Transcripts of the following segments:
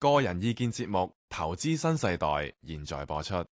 個人意見節目《投資新世代》現在播出。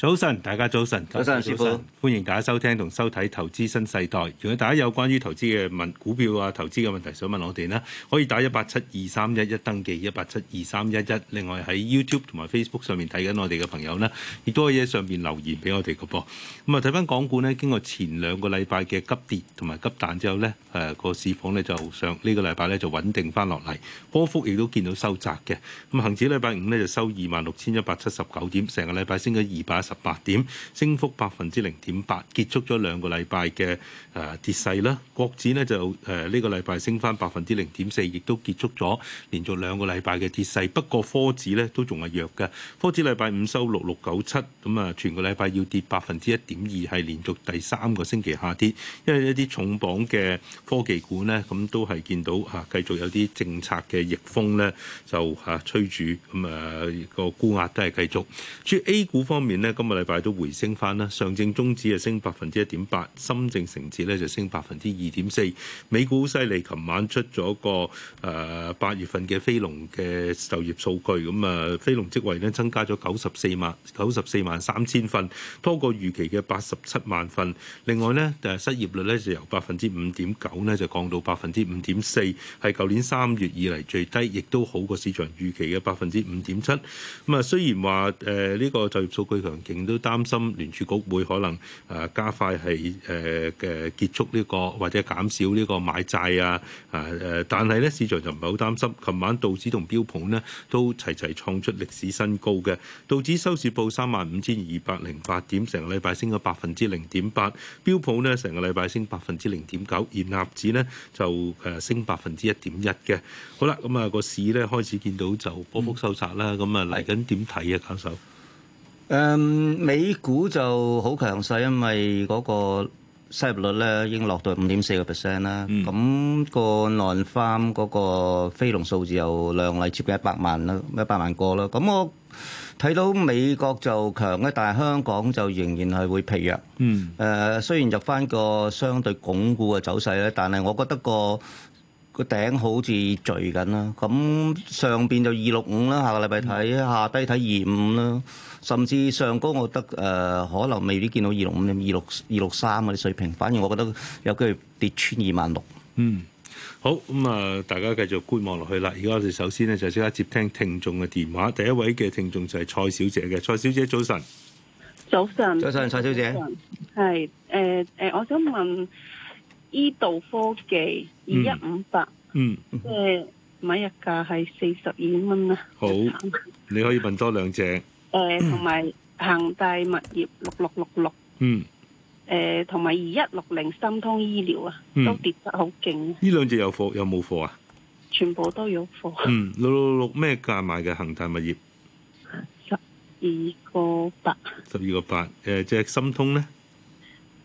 早晨，大家早晨。早晨，小傅，歡迎大家收聽同收睇《投資新世代》。如果大家有關於投資嘅問股票啊、投資嘅問題想問我哋呢，可以打一八七二三一一登記，一八七二三一一。8, 7, 2, 3, 1，另外喺 YouTube 同埋 Facebook 上面睇緊我哋嘅朋友呢，亦都可以喺上面留言俾我哋嘅噃。咁啊，睇翻港股呢，經過前兩個禮拜嘅急跌同埋急彈之後呢，誒、個市況呢就好。上呢個禮拜呢，就穩定翻落嚟，波幅亦都見到收窄嘅。咁恆指禮拜五呢，就收二萬六千一百七十九點，成個禮拜升咗二百十八點升幅百分之零點八，結束咗兩個禮拜嘅誒跌勢啦。國指咧就誒呢個禮拜升翻百分之零點四，亦都結束咗連續兩個禮拜嘅跌勢，不過科指咧都仲係弱嘅，科指禮拜五收六六九七，咁啊，全個禮拜要跌百分之一點二，係連續第三個星期下跌。因為一啲重磅嘅科技股咧，咁都係見到吓繼續有啲政策嘅逆風咧，就吓吹住咁啊個沽壓都係繼續，至於 A 股方面咧，今日禮拜都回升翻啦，上證綜指啊升百分之一點八，深證成指咧就升百分之二點四，美股好犀利，琴晚出咗個誒八月份嘅非農嘅就業數據，咁啊非農職位呢增加咗九十四萬九十四萬三千份，多過預期嘅八十七萬份。另外呢，誒失業率呢就由百分之五點九呢就降到百分之五點四，係舊年三月以嚟最低，亦都好過市場預期嘅百分之五點七。咁啊雖然話誒呢個就業數據強。仍都擔心聯儲局會可能誒加快係誒嘅結束呢、這個或者減少呢個買債啊誒、呃，但係呢市場就唔係好擔心。琴晚道指同標普呢都齊齊創出歷史新高嘅。道指收市報三萬五千二百零八點，成個禮拜升咗百分之零點八。標普呢成個禮拜升百分之零點九，而納指呢就誒升百分之一點一嘅。好啦，咁、那、啊個市呢開始見到就波幅收窄啦。咁啊嚟緊點睇啊，教授？誒、um, 美股就好強勢，因為嗰個失業率咧已經落到五點四個 percent 啦。咁個內翻嗰個非農數字又亮麗接近一百萬啦，一百萬個啦。咁我睇到美國就強嘅，但係香港就仍然係會疲弱。誒、嗯呃、雖然入翻個相對鞏固嘅走勢咧，但係我覺得個個頂好似聚緊啦。咁上邊就二六五啦，下個禮拜睇、嗯、下低睇二五啦。甚至上高我覺得誒、呃，可能未必見到二六五點二六二六三嗰啲水平，反而我覺得有機會跌穿二萬六。嗯，好咁啊、嗯，大家繼續觀望落去啦。而家我哋首先咧就即刻接聽聽眾嘅電話。第一位嘅聽眾就係蔡小姐嘅，蔡小姐早，早晨。早晨。早晨，蔡小姐。早晨。係誒誒，我想問醫渡科技二一五八，嗯，即係買入價係四十二蚊啊。好， 你可以問多兩隻。誒，同埋恒大物業六六六六，嗯，誒、呃，同埋二一六零心通醫療啊，嗯、都跌得好勁、啊。呢兩隻有貨有冇貨啊？全部都有貨。嗯，六六六咩價買嘅恒大物業？十二個八。十二個八，誒，即係心通咧？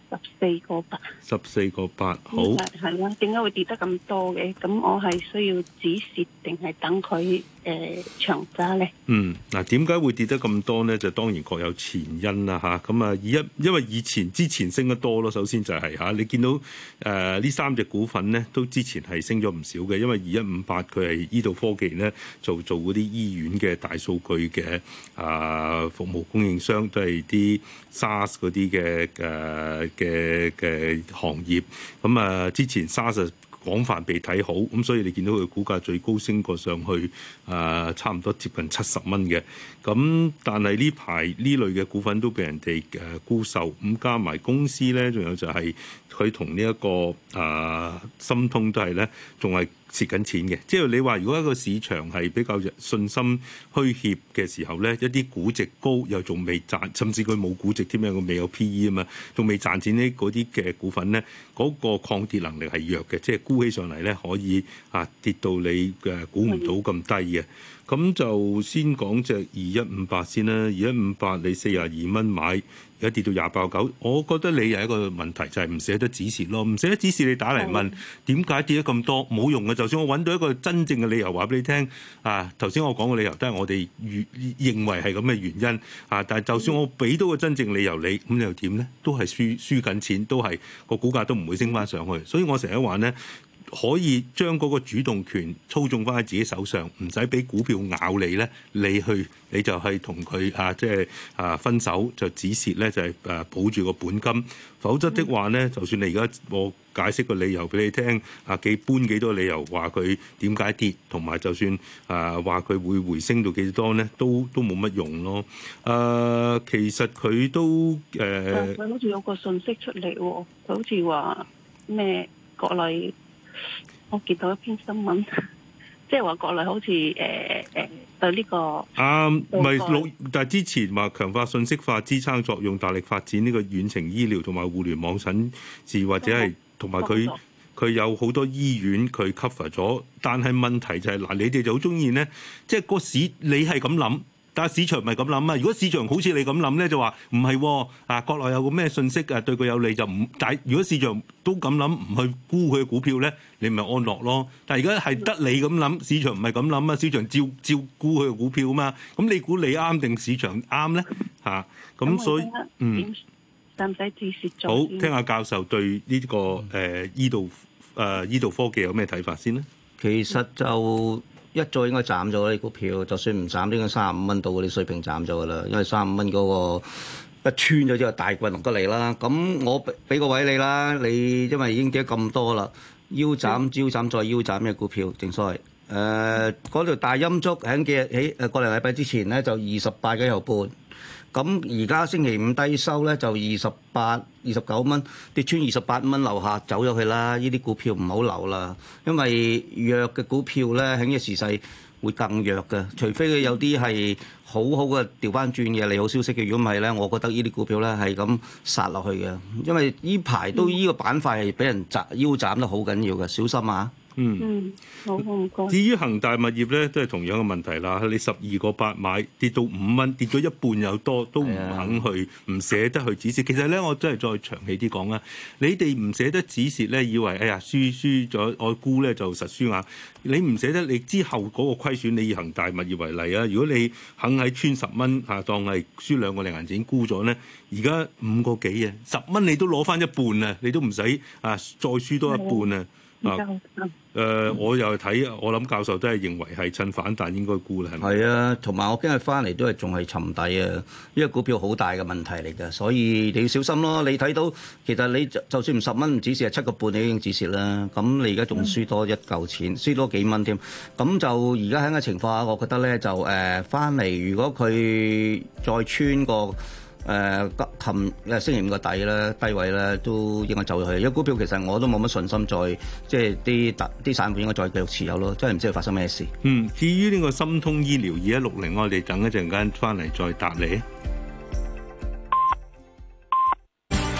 十四個八。十四個八，好。係啊，點解會跌得咁多嘅？咁我係需要止蝕定係等佢？誒長揸咧，嗯，嗱點解會跌得咁多咧？就當然各有前因啦，嚇咁啊！二一，因為以前之前升得多咯，首先就係、是、嚇、啊、你見到誒呢、啊、三隻股份咧，都之前係升咗唔少嘅，因為二一五八佢係醫道科技咧就做嗰啲醫院嘅大數據嘅啊服務供應商，都係啲 SaaS 嗰啲嘅誒嘅嘅行業，咁啊之前 SaaS。廣泛被睇好，咁所以你見到佢股價最高升過上去，誒、呃、差唔多接近七十蚊嘅。咁但係呢排呢類嘅股份都俾人哋誒沽售，咁加埋公司呢，仲有就係、是。佢同、這個呃、呢一個啊心通都係咧，仲係蝕緊錢嘅。即係你話，如果一個市場係比較信心虛怯嘅時候咧，一啲估值高又仲未賺，甚至佢冇估值添啊，佢未有 P/E 啊嘛，仲未賺錢呢嗰啲嘅股份咧，嗰、那個抗跌能力係弱嘅，即、就、係、是、沽起上嚟咧，可以啊跌到你嘅、啊、估唔到咁低嘅。咁的就先講隻二一五八先啦，二一五八你四十二蚊買。而家跌到廿八九，我覺得你又一個問題就係、是、唔捨得止蝕咯，唔捨得止蝕你打嚟問點解跌咗咁多，冇用嘅。就算我揾到一個真正嘅理由話俾你聽，啊頭先我講嘅理由都係我哋認認為係咁嘅原因，啊但係就算我俾到個真正理由你，咁你又點呢？都係輸輸緊錢，都係個股價都唔會升翻上去。所以我成日話呢。可以將嗰個主動權操縱翻喺自己手上，唔使俾股票咬你咧，你去你就係同佢啊，即、就、係、是、啊分手就止蝕咧，就係誒、就是啊、保住個本金。否則的話咧，就算你而家我解釋個理由俾你聽，啊幾搬幾多理由話佢點解跌，同埋就算啊話佢會回升到幾多咧，都都冇乜用咯。誒、啊，其實佢都誒，佢、啊哦、好似有個信息出嚟喎、哦，佢好似話咩國內。我見到一篇新聞，即係話國內好似誒誒，就、呃、呢、呃呢個啊，唔係六，但係之前話強化信息化支撐作用，大力發展呢個遠程醫療同埋互聯網診治，或者係同埋佢佢有好多醫院佢 cover 咗，但係問題就係、是、嗱，你哋就好中意呢，即、就、係、是、個市你係咁諗。但係市場唔係咁諗啊！如果市場好似你咁諗咧，就話唔係啊！國內有個咩信息誒對佢有利就唔大。如果市場都咁諗，唔去估佢嘅股票咧，你咪安樂咯。但係而家係得你咁諗，市場唔係咁諗啊！市場照照估佢嘅股票嘛。咁你估你啱定市場啱咧嚇？咁所以嗯，使唔使注視？好，聽下教授對呢個誒依度誒醫渡科技有咩睇法先咧？其實就。一早應該斬咗啲股票，就算唔斬，應該三十五蚊到嗰啲水平斬咗噶啦，因為三十五蚊嗰個一穿咗之後大棍落得嚟啦。咁我俾個位你啦，你因為已經跌咁多啦，腰斬，腰斬，再腰斬嘅股票，正所謂誒嗰條大陰燭喺幾日起誒個零禮拜之前咧就二十八幾毫半。咁而家星期五低收咧就二十八、二十九蚊跌穿二十八蚊樓下走咗去啦！呢啲股票唔好留啦，因為弱嘅股票咧喺呢個時勢會更弱嘅，除非佢有啲係好好嘅調翻轉嘅利好消息嘅，如果唔係咧，我覺得呢啲股票咧係咁殺落去嘅，因為呢排都依個板塊係俾人斬腰斬得好緊要嘅，小心啊！嗯，好、嗯，我唔講。至於恒大物業咧，都係同樣嘅問題啦。你十二個八買，跌到五蚊，跌咗一半有多，都唔肯去，唔 捨得去止蝕。其實咧，我真係再長氣啲講啊。你哋唔捨得止蝕咧，以為哎呀輸輸咗，我沽咧就實輸硬。你唔捨得，你之後嗰個虧損，你以恒大物業為例啊。如果你肯喺穿十蚊嚇當係輸兩個零銀錢沽咗咧，而家五個幾啊，十蚊你都攞翻一半啊，你都唔使啊再輸多一半啊。 嗱、呃，我又睇，我諗教授都係認為係趁反彈應該沽啦，係啊，同埋我今日翻嚟都係仲係沉底啊，因為股票好大嘅問題嚟㗎，所以你要小心咯。你睇到其實你就算唔十蚊唔止蝕係七個半，你已經止蝕啦，咁你而家仲輸多一嚿錢，輸多幾蚊添，咁就而家喺嘅情況下，我覺得咧就誒翻嚟，呃、如果佢再穿個。誒汲氫誒星期五個底啦，低位啦，都應該走咗去。因為股票其實我都冇乜信心再，即係啲特啲散戶應該再繼續持有咯，真係唔知發生咩事。嗯，至於呢個心通醫療二一六零，60，我哋等一陣間翻嚟再答你。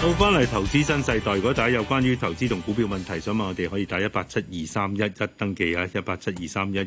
到翻嚟投資新世代，如果大家有關於投資同股票問題，想問我哋可以打一八七二三一一登記啊，一八七二三一一。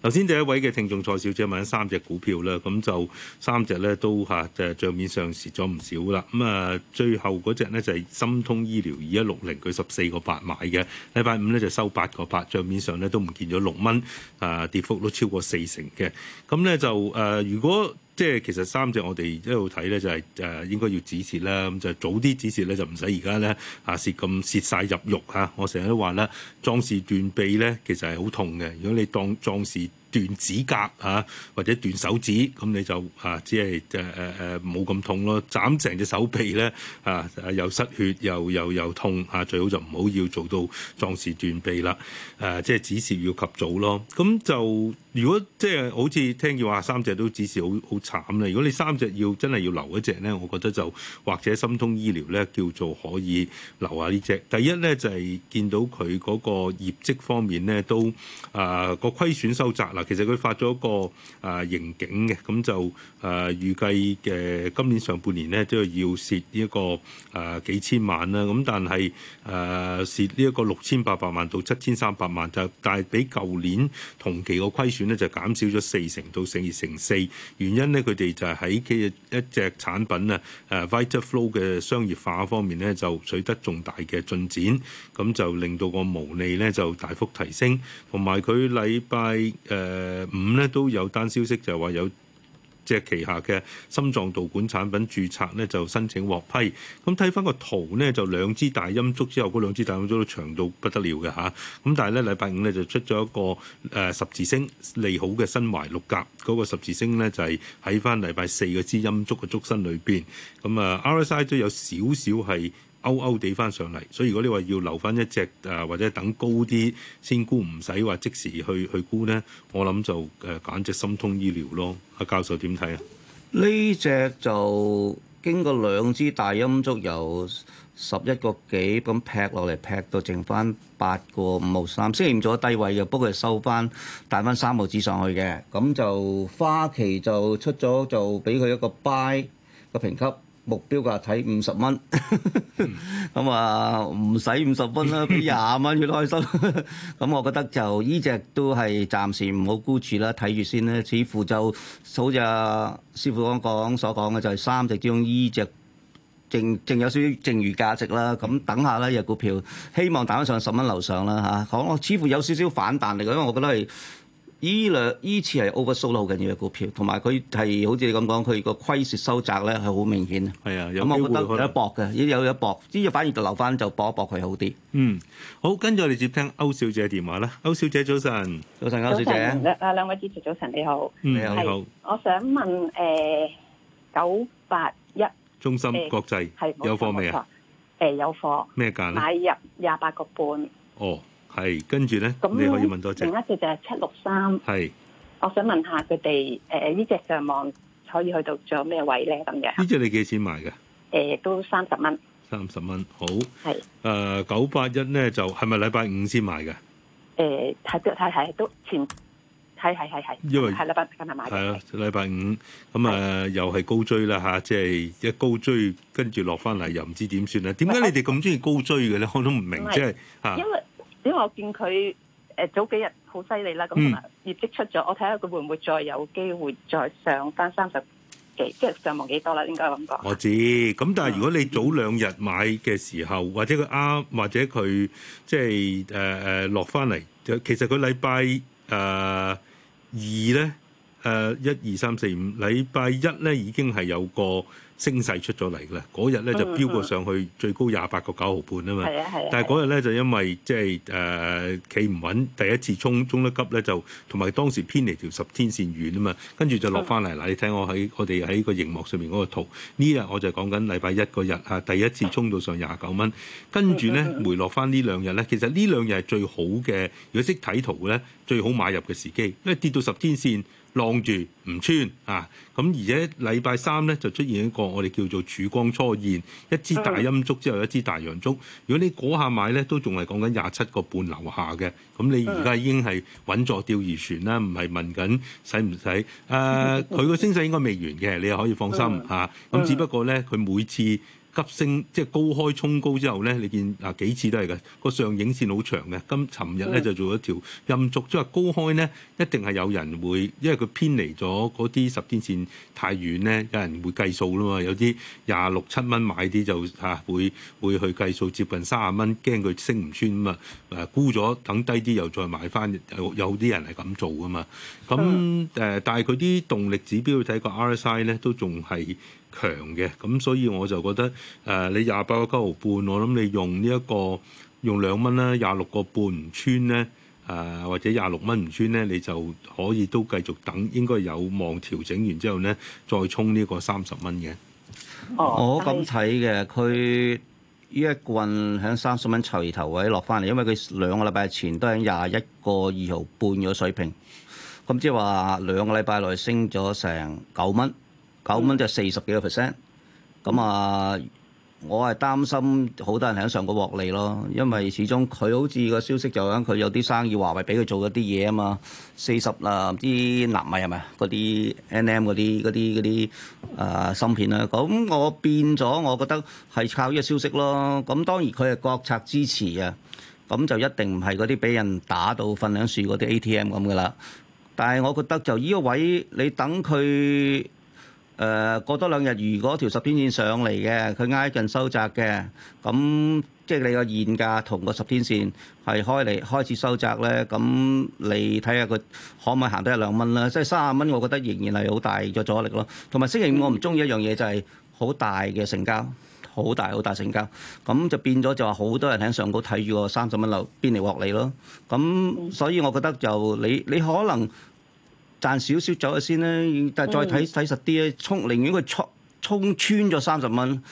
頭先第一位嘅聽眾蔡小姐問咗三隻股票啦，咁就三隻咧都嚇誒帳面上蝕咗唔少啦。咁啊，最後嗰隻呢就係、是、心通醫療二一六零，佢十四個八買嘅，禮拜五呢就收八個八，帳面上呢都唔見咗六蚊，啊，跌幅都超過四成嘅。咁咧就誒、啊，如果即係其實三隻我哋一路睇咧就係、是、誒、呃、應該要止蝕啦，咁、嗯、就早啲止蝕咧就唔使而家咧嚇蝕咁蝕晒入肉嚇、啊。我成日都話咧，壯士斷臂咧其實係好痛嘅。如果你當壯士斷指甲嚇、啊、或者斷手指，咁、嗯、你就嚇、啊、只係誒誒誒冇咁痛咯、呃。斬成隻手臂咧嚇、啊、又失血又又又，又痛嚇、啊，最好就唔好要，要做到壯士斷臂啦。誒、啊呃、即係止蝕要及早咯。咁就。如果即係好似聽見話三隻都只是好好慘咧，如果你三隻要真係要留一隻咧，我覺得就或者心通醫療咧叫做可以留下呢隻。第一咧就係、是、見到佢個業績方面咧都誒個虧損收窄啦。其實佢發咗一個誒、呃、盈警嘅，咁就誒預計嘅今年上半年咧即係要蝕呢一個誒、呃、幾千萬啦。咁但係誒蝕呢一個六千八百萬到七千三百萬就，但係比舊年同期個虧損。咧就減少咗四成到四成四，原因呢，佢哋就係喺佢一隻產品啊，誒 VitalFlow 嘅商業化方面呢，就取得重大嘅進展，咁就令到個毛利呢就大幅提升，同埋佢禮拜誒五呢，都有單消息就話有。即係旗下嘅心臟導管產品註冊咧就申請獲批，咁睇翻個圖咧，就兩支大陰燭之後，嗰兩支大陰燭都長到不得了嘅吓。咁但係咧禮拜五咧就出咗一個誒、呃、十字星，利好嘅身懷六甲嗰、嗰個十字星咧就係喺翻禮拜四嗰支陰燭嘅燭身裏邊，咁啊 RSI 都有少少係。勾勾地翻上嚟，所以如果你話要留翻一隻誒，或者等高啲先沽，唔使話即時去去沽咧，我諗就誒揀隻心通醫療咯。阿教授點睇啊？呢隻就經過兩支大陰燭由十一個幾咁劈落嚟，劈到剩翻八個 53, 五毫三，雖然做低位又不過收翻帶翻三毫紙上去嘅，咁就花旗就出咗就俾佢一個 buy 個評級。目標價睇五十蚊，咁啊唔使五十蚊啦，俾廿蚊佢開心。咁 我覺得就依隻都係暫時唔好沽住啦，睇住先咧。似乎就好似師傅講講所講嘅，就係、是、三隻之中依隻淨淨有少少剩餘價值啦。咁等下啦，呢隻股票希望打翻上十蚊樓上啦嚇。我似乎有少少反彈力，嘅，因為我覺得係。依兩依次係 over sold 好緊要嘅股票，同埋佢係好似你咁講，佢個虧蝕收窄咧係好明顯。係啊，咁我覺得佢一搏嘅，有有一搏，呢個反而留就留翻就搏一搏佢好啲。嗯，好，跟住我哋接聽歐小姐電話啦。歐小姐早晨，早晨歐小姐，啊兩位主持早晨，你好，嗯、你好。我想問誒九八一中心國際係、呃、有貨未啊？誒、呃、有貨咩價咧？買入廿八個半。哦。哦。係，跟住咧，你可以問多隻。另一隻就係七六三。係，我想問下佢哋，誒呢隻上望可以去到仲有咩位咧咁嘅？呢隻你幾錢買㗎？誒，都三十蚊。三十蚊，好。係。誒九八一咧，就係咪禮拜五先買㗎？誒係都係係都前係係係係，因為係禮拜今日買。係啊，禮拜五咁啊，又係高追啦嚇！即係一高追，跟住落翻嚟又唔知點算啦？點解你哋咁中意高追嘅咧？我都唔明，即係嚇。因為因為我見佢誒早幾日好犀利啦，咁啊、嗯、業績出咗，我睇下佢會唔會再有機會再上翻三十幾，即係上望幾多啦。應該咁講我知咁，但係如果你早兩日買嘅時候，或者佢啱，或者佢即係誒誒落翻嚟，就是呃、其實佢禮拜誒、呃、二咧誒一二三四五禮拜一咧已經係有個。升勢出咗嚟㗎啦，嗰日咧就飚過上去，最高廿八個九毫半啊嘛。的但係嗰日咧就因為即係誒企唔穩，第一次衝衝得急咧就同埋當時偏離條十天線遠啊嘛，跟住就落翻嚟嗱。的你睇我喺我哋喺個熒幕上面嗰個圖，呢日我就講緊禮拜一個日啊，第一次衝到上廿九蚊，跟住咧回落翻呢兩日咧，其實呢兩日係最好嘅，如果識睇圖嘅咧，最好買入嘅時機，因為跌到十天線。晾住唔穿啊！咁而且禮拜三咧就出現一個我哋叫做曙光初現，一支大陰燭之後一支大陽燭。如果你嗰下買咧，都仲係講緊廿七個半樓下嘅。咁你而家已經係穩坐釣魚船啦，唔係問緊使唔使？誒、啊，佢個升勢應該未完嘅，你又可以放心嚇。咁、啊、只不過咧，佢每次，急升即係高開衝高之後咧，你見啊幾次都係嘅，個上影線好長嘅。咁尋日咧就做咗條陰燭，即係高開咧一定係有人會，因為佢偏離咗嗰啲十天線太遠咧，有人會計數啦嘛。有啲廿六七蚊買啲就嚇、啊、會會去計數，接近卅啊蚊，驚佢升唔穿嘛。誒、啊、沽咗等低啲又再買翻，有有啲人係咁做噶嘛。咁誒、呃，但係佢啲動力指標睇個 RSI 咧都仲係。強嘅，咁所以我就覺得誒、呃，你廿八個九毫半，我諗你用、這個、用呢一個用兩蚊啦，廿六個半唔穿咧，誒或者廿六蚊唔穿咧，你就可以都繼續等，應該有望調整完之後咧，再衝呢個三十蚊嘅。我咁睇嘅，佢呢、哦、是一棍喺三十蚊隨頭位落翻嚟，因為佢兩個禮拜前都係廿一個二毫半嘅水平，咁即係話兩個禮拜內升咗成九蚊。九蚊就四十幾個 percent，咁啊，我係擔心好多人喺上個獲利咯，因為始終佢好似、啊呃、個消息就響佢有啲生意，華為俾佢做一啲嘢啊嘛，四十啊唔知納米係咪嗰啲 N.M. 嗰啲啲啲誒芯片啊，咁我變咗，我覺得係靠呢個消息咯，咁當然佢係國策支持啊，咁就一定唔係嗰啲俾人打到分兩樹嗰啲 A.T.M. 咁噶啦，但係我覺得就依個位，你等佢。誒過多兩日，如果條十天線上嚟嘅，佢挨近收窄嘅，咁即係你個現價同個十天線係開嚟開始收窄咧，咁你睇下佢可唔可以行得一兩蚊咧？即係三十蚊，我覺得仍然係好大嘅阻力咯。同埋星期五我唔中意一樣嘢就係好大嘅成交，好大好大成交，咁就變咗就話好多人喺上高睇住個三十蚊樓邊嚟獲利咯。咁所以我覺得就你你可能。賺少少走咗先咧，但係再睇睇實啲咧，衝寧願佢衝衝穿咗三十蚊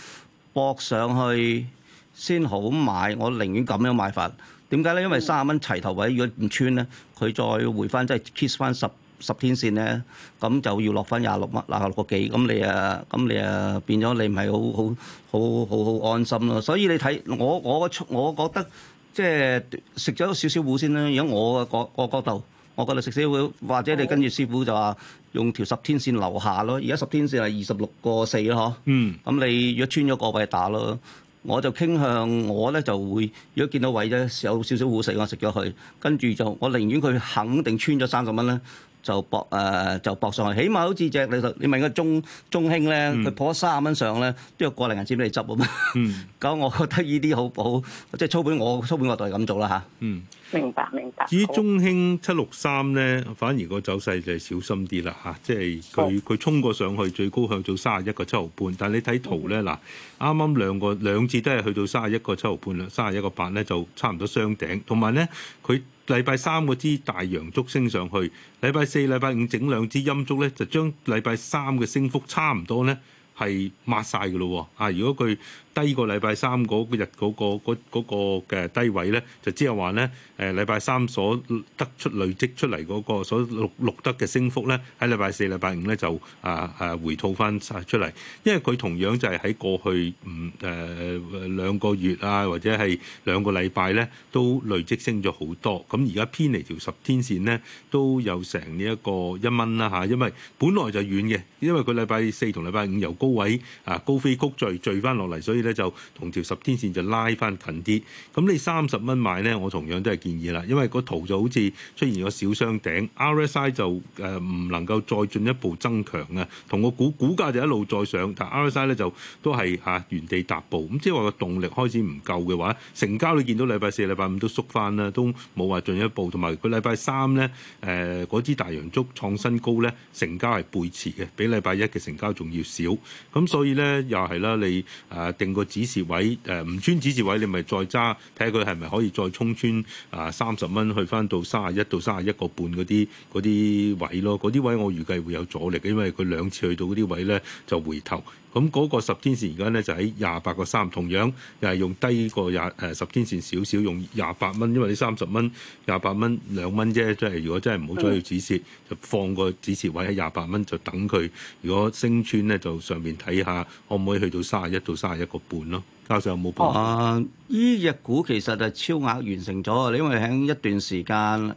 博上去先好買。我寧願咁樣買法。點解咧？因為三十蚊齊頭位，如果唔穿咧，佢再回翻即係 kiss 翻十十天線咧，咁就要落翻廿六蚊，廿六個幾。咁你啊，咁你啊變咗你唔係好好好好好安心咯。所以你睇我我我覺得即係食咗少少糊先啦。如果我個個角度。我覺得食少會，或者你跟住師傅就話用條十天線留下咯。而家十天線係二十六個四咯，嗬。嗯。咁你如果穿咗個位打咯，我就傾向我咧就會，如果見到位咧有少少護食，我食咗佢。跟住就我寧願佢肯定穿咗三十蚊咧，就博誒、呃、就博上去，起碼好似隻你你問個中中興咧，佢破三十蚊上咧都要過零銀錢畀你執啊嘛。咁、嗯、 我覺得呢啲好好，即、就、係、是、粗本我，我粗本我就係咁做啦嚇。啊、嗯。明白明白。明白，至於中興七六三咧，反而個走勢就小心啲啦嚇，即係佢佢衝過上去，最高向到三十一個七毫半。但係你睇圖咧，嗱，啱啱兩個兩次都係去到三十一個七毫半啦，三十一個八咧就差唔多雙頂。同埋咧，佢禮拜三嗰支大陽燭升上去，禮拜四、禮拜五整兩支陰燭咧，就將禮拜三嘅升幅差唔多咧，係抹晒嘅咯喎啊！如果佢呢個禮拜三嗰日嗰個嗰嗰個嘅低位咧，就即係話咧誒禮拜三所得出累積出嚟嗰個所錄錄得嘅升幅咧，喺禮拜四、禮拜五咧就啊啊回吐翻曬出嚟，因為佢同樣就係喺過去唔誒兩個月啊，或者係兩個禮拜咧都累積升咗好多。咁而家偏離條十天線咧都有成呢一個一蚊啦嚇，因為本來就遠嘅，因為佢禮拜四同禮拜五由高位啊高飛曲聚聚翻落嚟，所以咧。就同條十天線就拉翻近啲，咁你三十蚊買咧，我同樣都係建議啦，因為個圖就好似出現個小雙頂 RSI 就誒唔能夠再進一步增強啊，同個股股價就一路再上，但 RSI 咧就都係吓原地踏步，咁即係話個動力開始唔夠嘅話成交你見到禮拜四、禮拜五都縮翻啦，都冇話進一步，同埋佢禮拜三咧誒嗰支大洋燭創新高咧，成交係背馳嘅，比禮拜一嘅成交仲要少，咁所以咧又係啦，你誒定。個指示位誒唔、呃、穿指示位，你咪再揸，睇下佢係咪可以再衝穿啊三十蚊去翻到三十一到三十一個半嗰啲啲位咯。嗰啲位我預計會有阻力，因為佢兩次去到嗰啲位咧就回頭。咁嗰個十天線而家咧就喺廿八個三，同樣又係用低過廿誒十天線少少，用廿八蚊，因為啲三十蚊、廿八蚊兩蚊啫，即係如果真係唔好再要止蝕，嗯、就放個止蝕位喺廿八蚊，就等佢。如果升穿咧，就上面睇下可唔可以去到三十一到三十一個半咯。加上有冇平？啊，呢隻股其實係超額完成咗，你因為喺一段時間。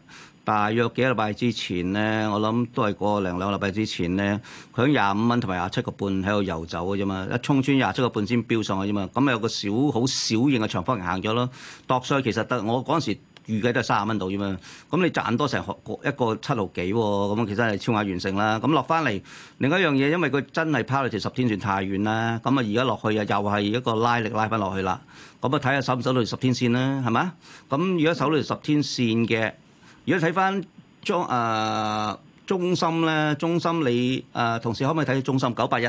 大約幾個禮拜之前咧，我諗都係個零兩個禮拜之前咧，佢響廿五蚊同埋廿七個半喺度遊走嘅啫嘛。一衝穿廿七個半先飆上去啫嘛。咁有個小好小型嘅長方形行咗咯，度衰其實得我嗰陣時預計都係卅蚊度啫嘛。咁你賺多成一個七毫幾喎，咁其實係超額完成啦。咁落翻嚟另一樣嘢，因為佢真係拋咗條十天線太遠啦。咁啊，而家落去又係一個拉力拉翻落去啦。咁啊，睇下手唔手到十天線啦，係咪？咁如果手到十天線嘅。如果睇翻，將誒中心咧，中心你誒、呃、同事可唔可以睇到中心九八一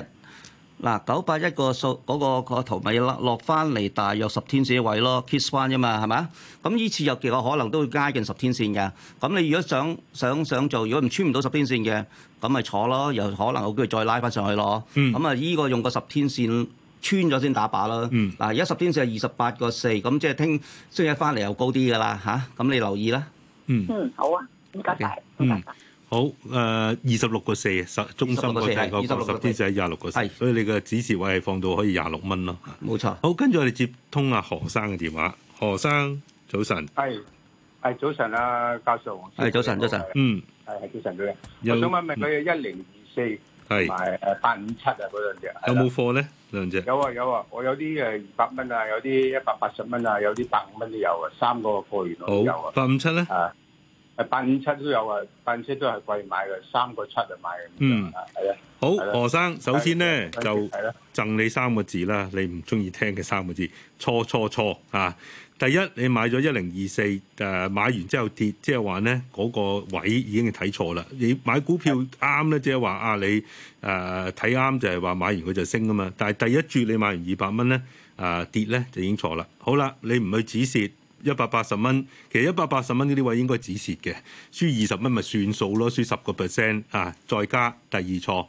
嗱？九八一個數嗰個個頭尾落落翻嚟，大約十天線位咯，kiss 翻啫嘛，係嘛？咁依次尤其我可能都會加近十天線嘅。咁你如果想想想做，如果唔穿唔到十天線嘅，咁咪坐咯，又可能好機會再拉翻上去咯。咁啊、嗯，依個用個十天線穿咗先打靶啦、嗯啊。啊，而家十天線係二十八個四，咁即係聽聽日翻嚟又高啲㗎啦吓，咁你留意啦。嗯，好啊，唔該晒，唔該晒。好誒，二十六個四，十中心嗰隻個十天就喺廿六個四，所以你嘅指示位係放到可以廿六蚊咯。冇錯。好，跟住我哋接通阿何生嘅電話。何生，早晨。係，係早晨啊，教授。係早晨，早晨。嗯，係係早晨佢嘅。我想問一問佢一零二四，係誒八五七啊，嗰兩隻有冇貨咧？兩隻有啊有啊，我有啲誒二百蚊啊，有啲一百八十蚊啊，有啲百五蚊都有啊，三個貨源都有啊。八五七咧八五七都有啊，八五七都係貴買嘅，三個七就買。嗯，係啊，好，何生，首先咧就係啦，贈你三個字啦，你唔中意聽嘅三個字，錯錯錯啊！第一，你買咗一零二四，誒買完之後跌，即係話咧嗰個位已經係睇錯啦。你買股票啱咧，即係話啊，你誒睇啱就係話買完佢就升噶嘛。但係第一注你買完二百蚊咧，誒、呃、跌咧就已經錯啦。好啦，你唔去止蝕。一百八十蚊，其實一百八十蚊呢啲位應該止蝕嘅，輸二十蚊咪算數咯，輸十個 percent 啊，再加第二錯，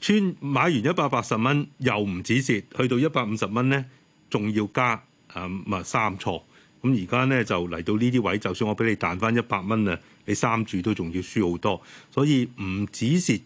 穿買完一百八十蚊又唔止蝕，去到一百五十蚊咧，仲要加啊嘛、嗯、三錯，咁而家咧就嚟到呢啲位，就算我俾你彈返一百蚊啊，你三注都仲要輸好多，所以唔止蝕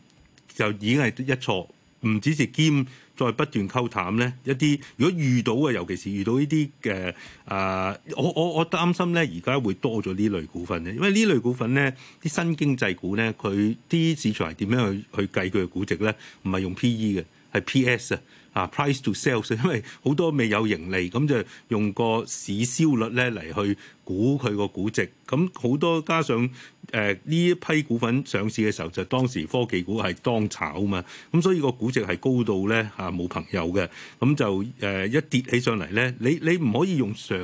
就已經係一錯，唔止蝕兼。再不斷溝淡咧一啲，如果遇到嘅，尤其是遇到呢啲嘅啊，我我我擔心咧，而家會多咗呢類股份咧，因為呢類股份咧啲新經濟股咧，佢啲市場係點樣去去計佢嘅估值咧？唔係用 PE 嘅，係 PS 啊。啊，Price to sales，因為好多未有盈利，咁就用個市銷率咧嚟去估佢個估值。咁好多加上誒呢、呃、一批股份上市嘅時候，就當時科技股係當炒嘛，咁所以個估值係高到咧嚇冇朋友嘅。咁就誒、呃、一跌起上嚟咧，你你唔可以用常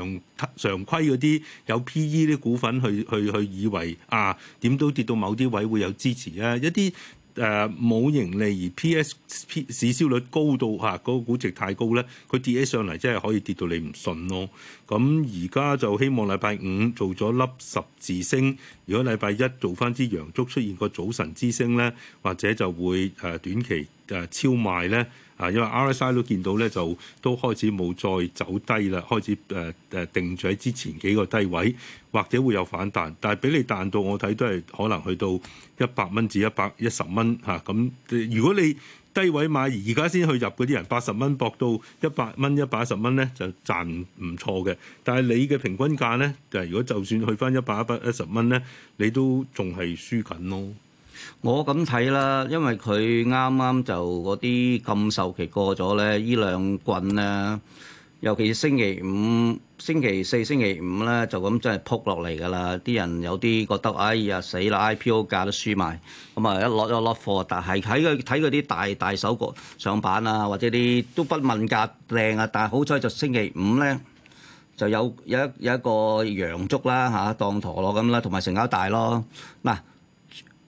常規嗰啲有 PE 啲股份去去去以為啊點都跌到某啲位會有支持啊，一啲。誒冇、呃、盈利而 PSP 市銷率高到嚇，嗰、啊那個估值太高咧，佢跌起上嚟真係可以跌到你唔信咯。咁而家就希望禮拜五做咗粒十字星，如果禮拜一做翻支陽燭出現個早晨之星咧，或者就會誒短期誒超賣咧，因為 RSI 都見到咧，就都開始冇再走低啦，開始誒誒定住喺之前幾個低位，或者會有反彈，但係俾你彈到我睇都係可能去到一百蚊至一百一十蚊嚇。咁、啊、如果你低位買而家先去入嗰啲人，八十蚊搏到一百蚊一百一十蚊咧，就賺唔唔錯嘅。但係你嘅平均價咧，就如果就算去翻一百一百一十蚊咧，你都仲係輸緊咯。我咁睇啦，因為佢啱啱就嗰啲禁售期過咗咧，呢兩棍咧，尤其是星期五、星期四、星期五咧，就咁真係撲落嚟㗎啦！啲人有啲覺得哎呀死啦，IPO 價都輸埋，咁啊一落一落貨，但係睇佢睇啲大大手個上板啊，或者啲都不問價靚啊，但係好彩就星期五咧就有有一有一個陽燭啦嚇、啊，當陀螺咁啦，同埋成交大咯嗱。啊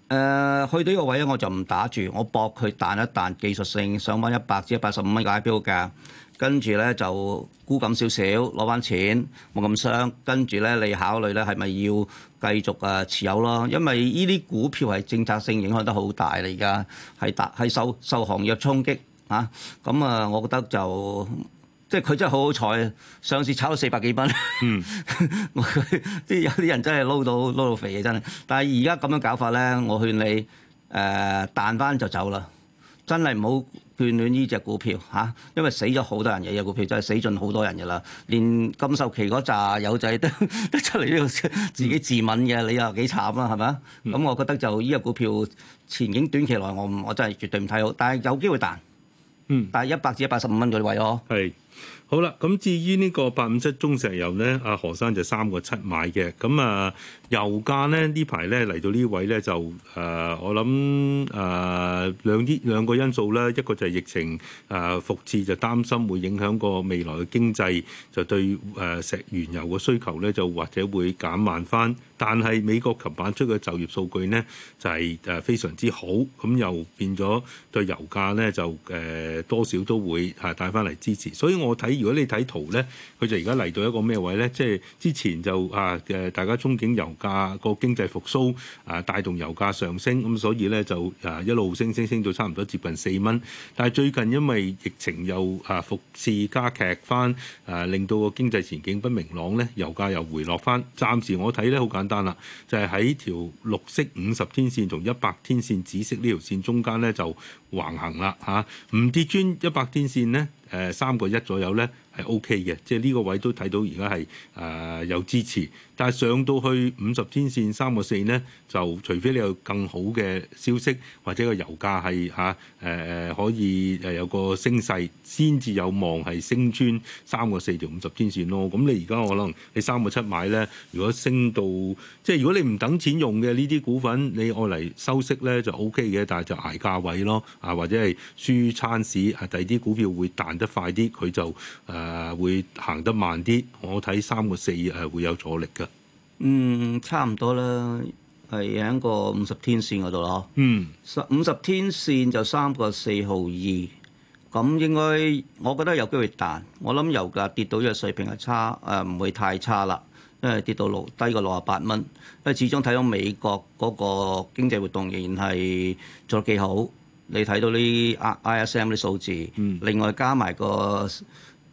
誒去、uh, 到呢個位咧，我就唔打住，我搏佢彈一彈，技術性上翻一百至一百十五蚊嘅 IPO 價，跟住咧就沽緊少少攞翻錢，冇咁傷。跟住咧你考慮咧係咪要繼續誒持有咯？因為呢啲股票係政策性影響得好大嚟㗎，係打係受受行業衝擊嚇。咁啊，啊，我覺得就～即係佢真係好好彩，上次炒咗四百幾蚊。嗯，啲 有啲人真係撈到撈到肥嘅真係。但係而家咁樣搞法咧，我勸你誒、呃、彈翻就走啦。真係唔好眷戀呢隻股票嚇、啊，因為死咗好多人嘅隻、呢個、股票真係死盡好多人嘅啦。連金秀奇嗰紮友仔都都出嚟呢度自己自刎嘅，你又幾慘啦？係咪啊？咁、嗯、我覺得就依隻股票前景短期內我我真係絕對唔睇好，但係有機會彈。嗯，但係一百至一百十五蚊嗰位咯，係好啦。咁至於呢個八五七中石油咧，阿何生就三個七買嘅。咁啊，油價咧呢排咧嚟到位呢位咧就誒、呃，我諗誒兩啲兩個因素咧，一個就係疫情誒復置就擔心會影響個未來嘅經濟，就對誒、呃、石原油嘅需求咧就或者會減慢翻。但係美國琴晚出嘅就業數據呢，就係、是、誒非常之好，咁又變咗對油價呢，就誒、呃、多少都會係帶翻嚟支持。所以我睇如果你睇圖呢，佢就而家嚟到一個咩位呢？即、就、係、是、之前就啊誒大家憧憬油價個經濟復甦啊，帶動油價上升，咁、啊、所以呢，就啊一路升升升到差唔多接近四蚊。但係最近因為疫情又復啊復試加劇翻，誒令到個經濟前景不明朗呢，油價又回落翻。暫時我睇呢，好簡單啦，就係喺條綠色五十天線同一百天線紫色呢條線中間咧就橫行啦吓，唔跌穿一百天線咧，誒三個一左右咧。係 OK 嘅，即係呢個位都睇到而家係誒有支持，但係上到去五十天線三個四呢，就除非你有更好嘅消息，或者個油價係嚇誒可以誒有個升勢，先至有望係升穿三個四條五十天線咯。咁、嗯、你而家可能你三個七買呢，如果升到即係如果你唔等錢用嘅呢啲股份，你愛嚟收息呢就 OK 嘅，但係就捱價位咯，啊或者係輸餐市啊，第二啲股票會彈得快啲，佢就誒。呃啊、呃，會行得慢啲。我睇三個四日係會有阻力㗎。嗯，差唔多啦，係喺個五十天線嗰度咯。嗯，五十天線就三個四毫二咁，應該我覺得有機會彈。我諗油價跌到呢個水平係差，誒、呃、唔會太差啦，因為跌到六低過六十八蚊。因為始終睇到美國嗰個經濟活動仍然係做得幾好。你睇到呢啲 I S M 啲數字，嗯、另外加埋個。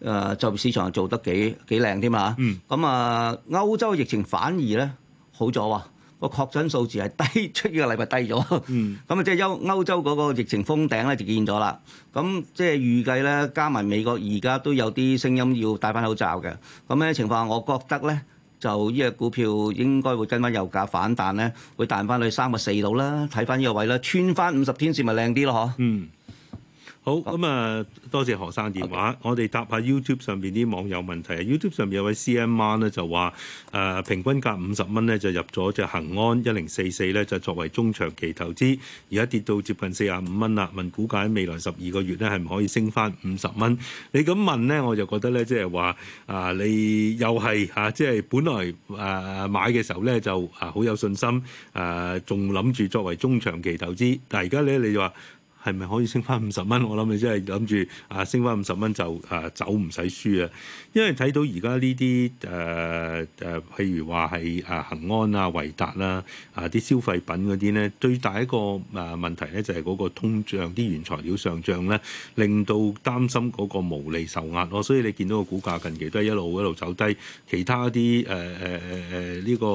誒、啊、就業市場做得幾幾靚添啊！咁、嗯、啊，歐洲嘅疫情反而咧好咗啊，個確診數字係低出個禮拜低咗。咁、嗯、啊，即係歐歐洲嗰個疫情封頂咧就見咗啦。咁、啊、即係預計咧，加埋美國而家都有啲聲音要戴翻口罩嘅。咁、啊、呢情況，我覺得咧就呢隻股票應該會跟翻油價反彈咧，會彈翻去三個四度啦。睇翻呢個位啦，穿翻五十天線咪靚啲咯，嗬？嗯。好咁啊！多謝何生電話。Okay. 我哋答下 YouTube 上邊啲網友問題。YouTube 上邊有位 CM One 咧就話：誒、呃、平均價五十蚊咧就入咗隻恒安一零四四咧就作為中長期投資。而家跌到接近四十五蚊啦，問股價喺未來十二個月咧係唔可以升翻五十蚊？你咁問咧，我就覺得咧即係話啊，你又係嚇即係本來誒、呃、買嘅時候咧就啊好有信心誒，仲諗住作為中長期投資，但係而家咧你就話，係咪可以升翻五十蚊？我諗你真係諗住啊，升翻五十蚊就啊走唔使輸啊！因為睇到而家呢啲誒誒，譬如話係啊恆安啊、維達啦啊啲消費品嗰啲咧，最大一個誒問題咧就係嗰個通脹、啲原材料上漲咧，令到擔心嗰個毛利受壓咯。所以你見到個股價近期都係一路一路走低。其他啲誒誒誒誒呢個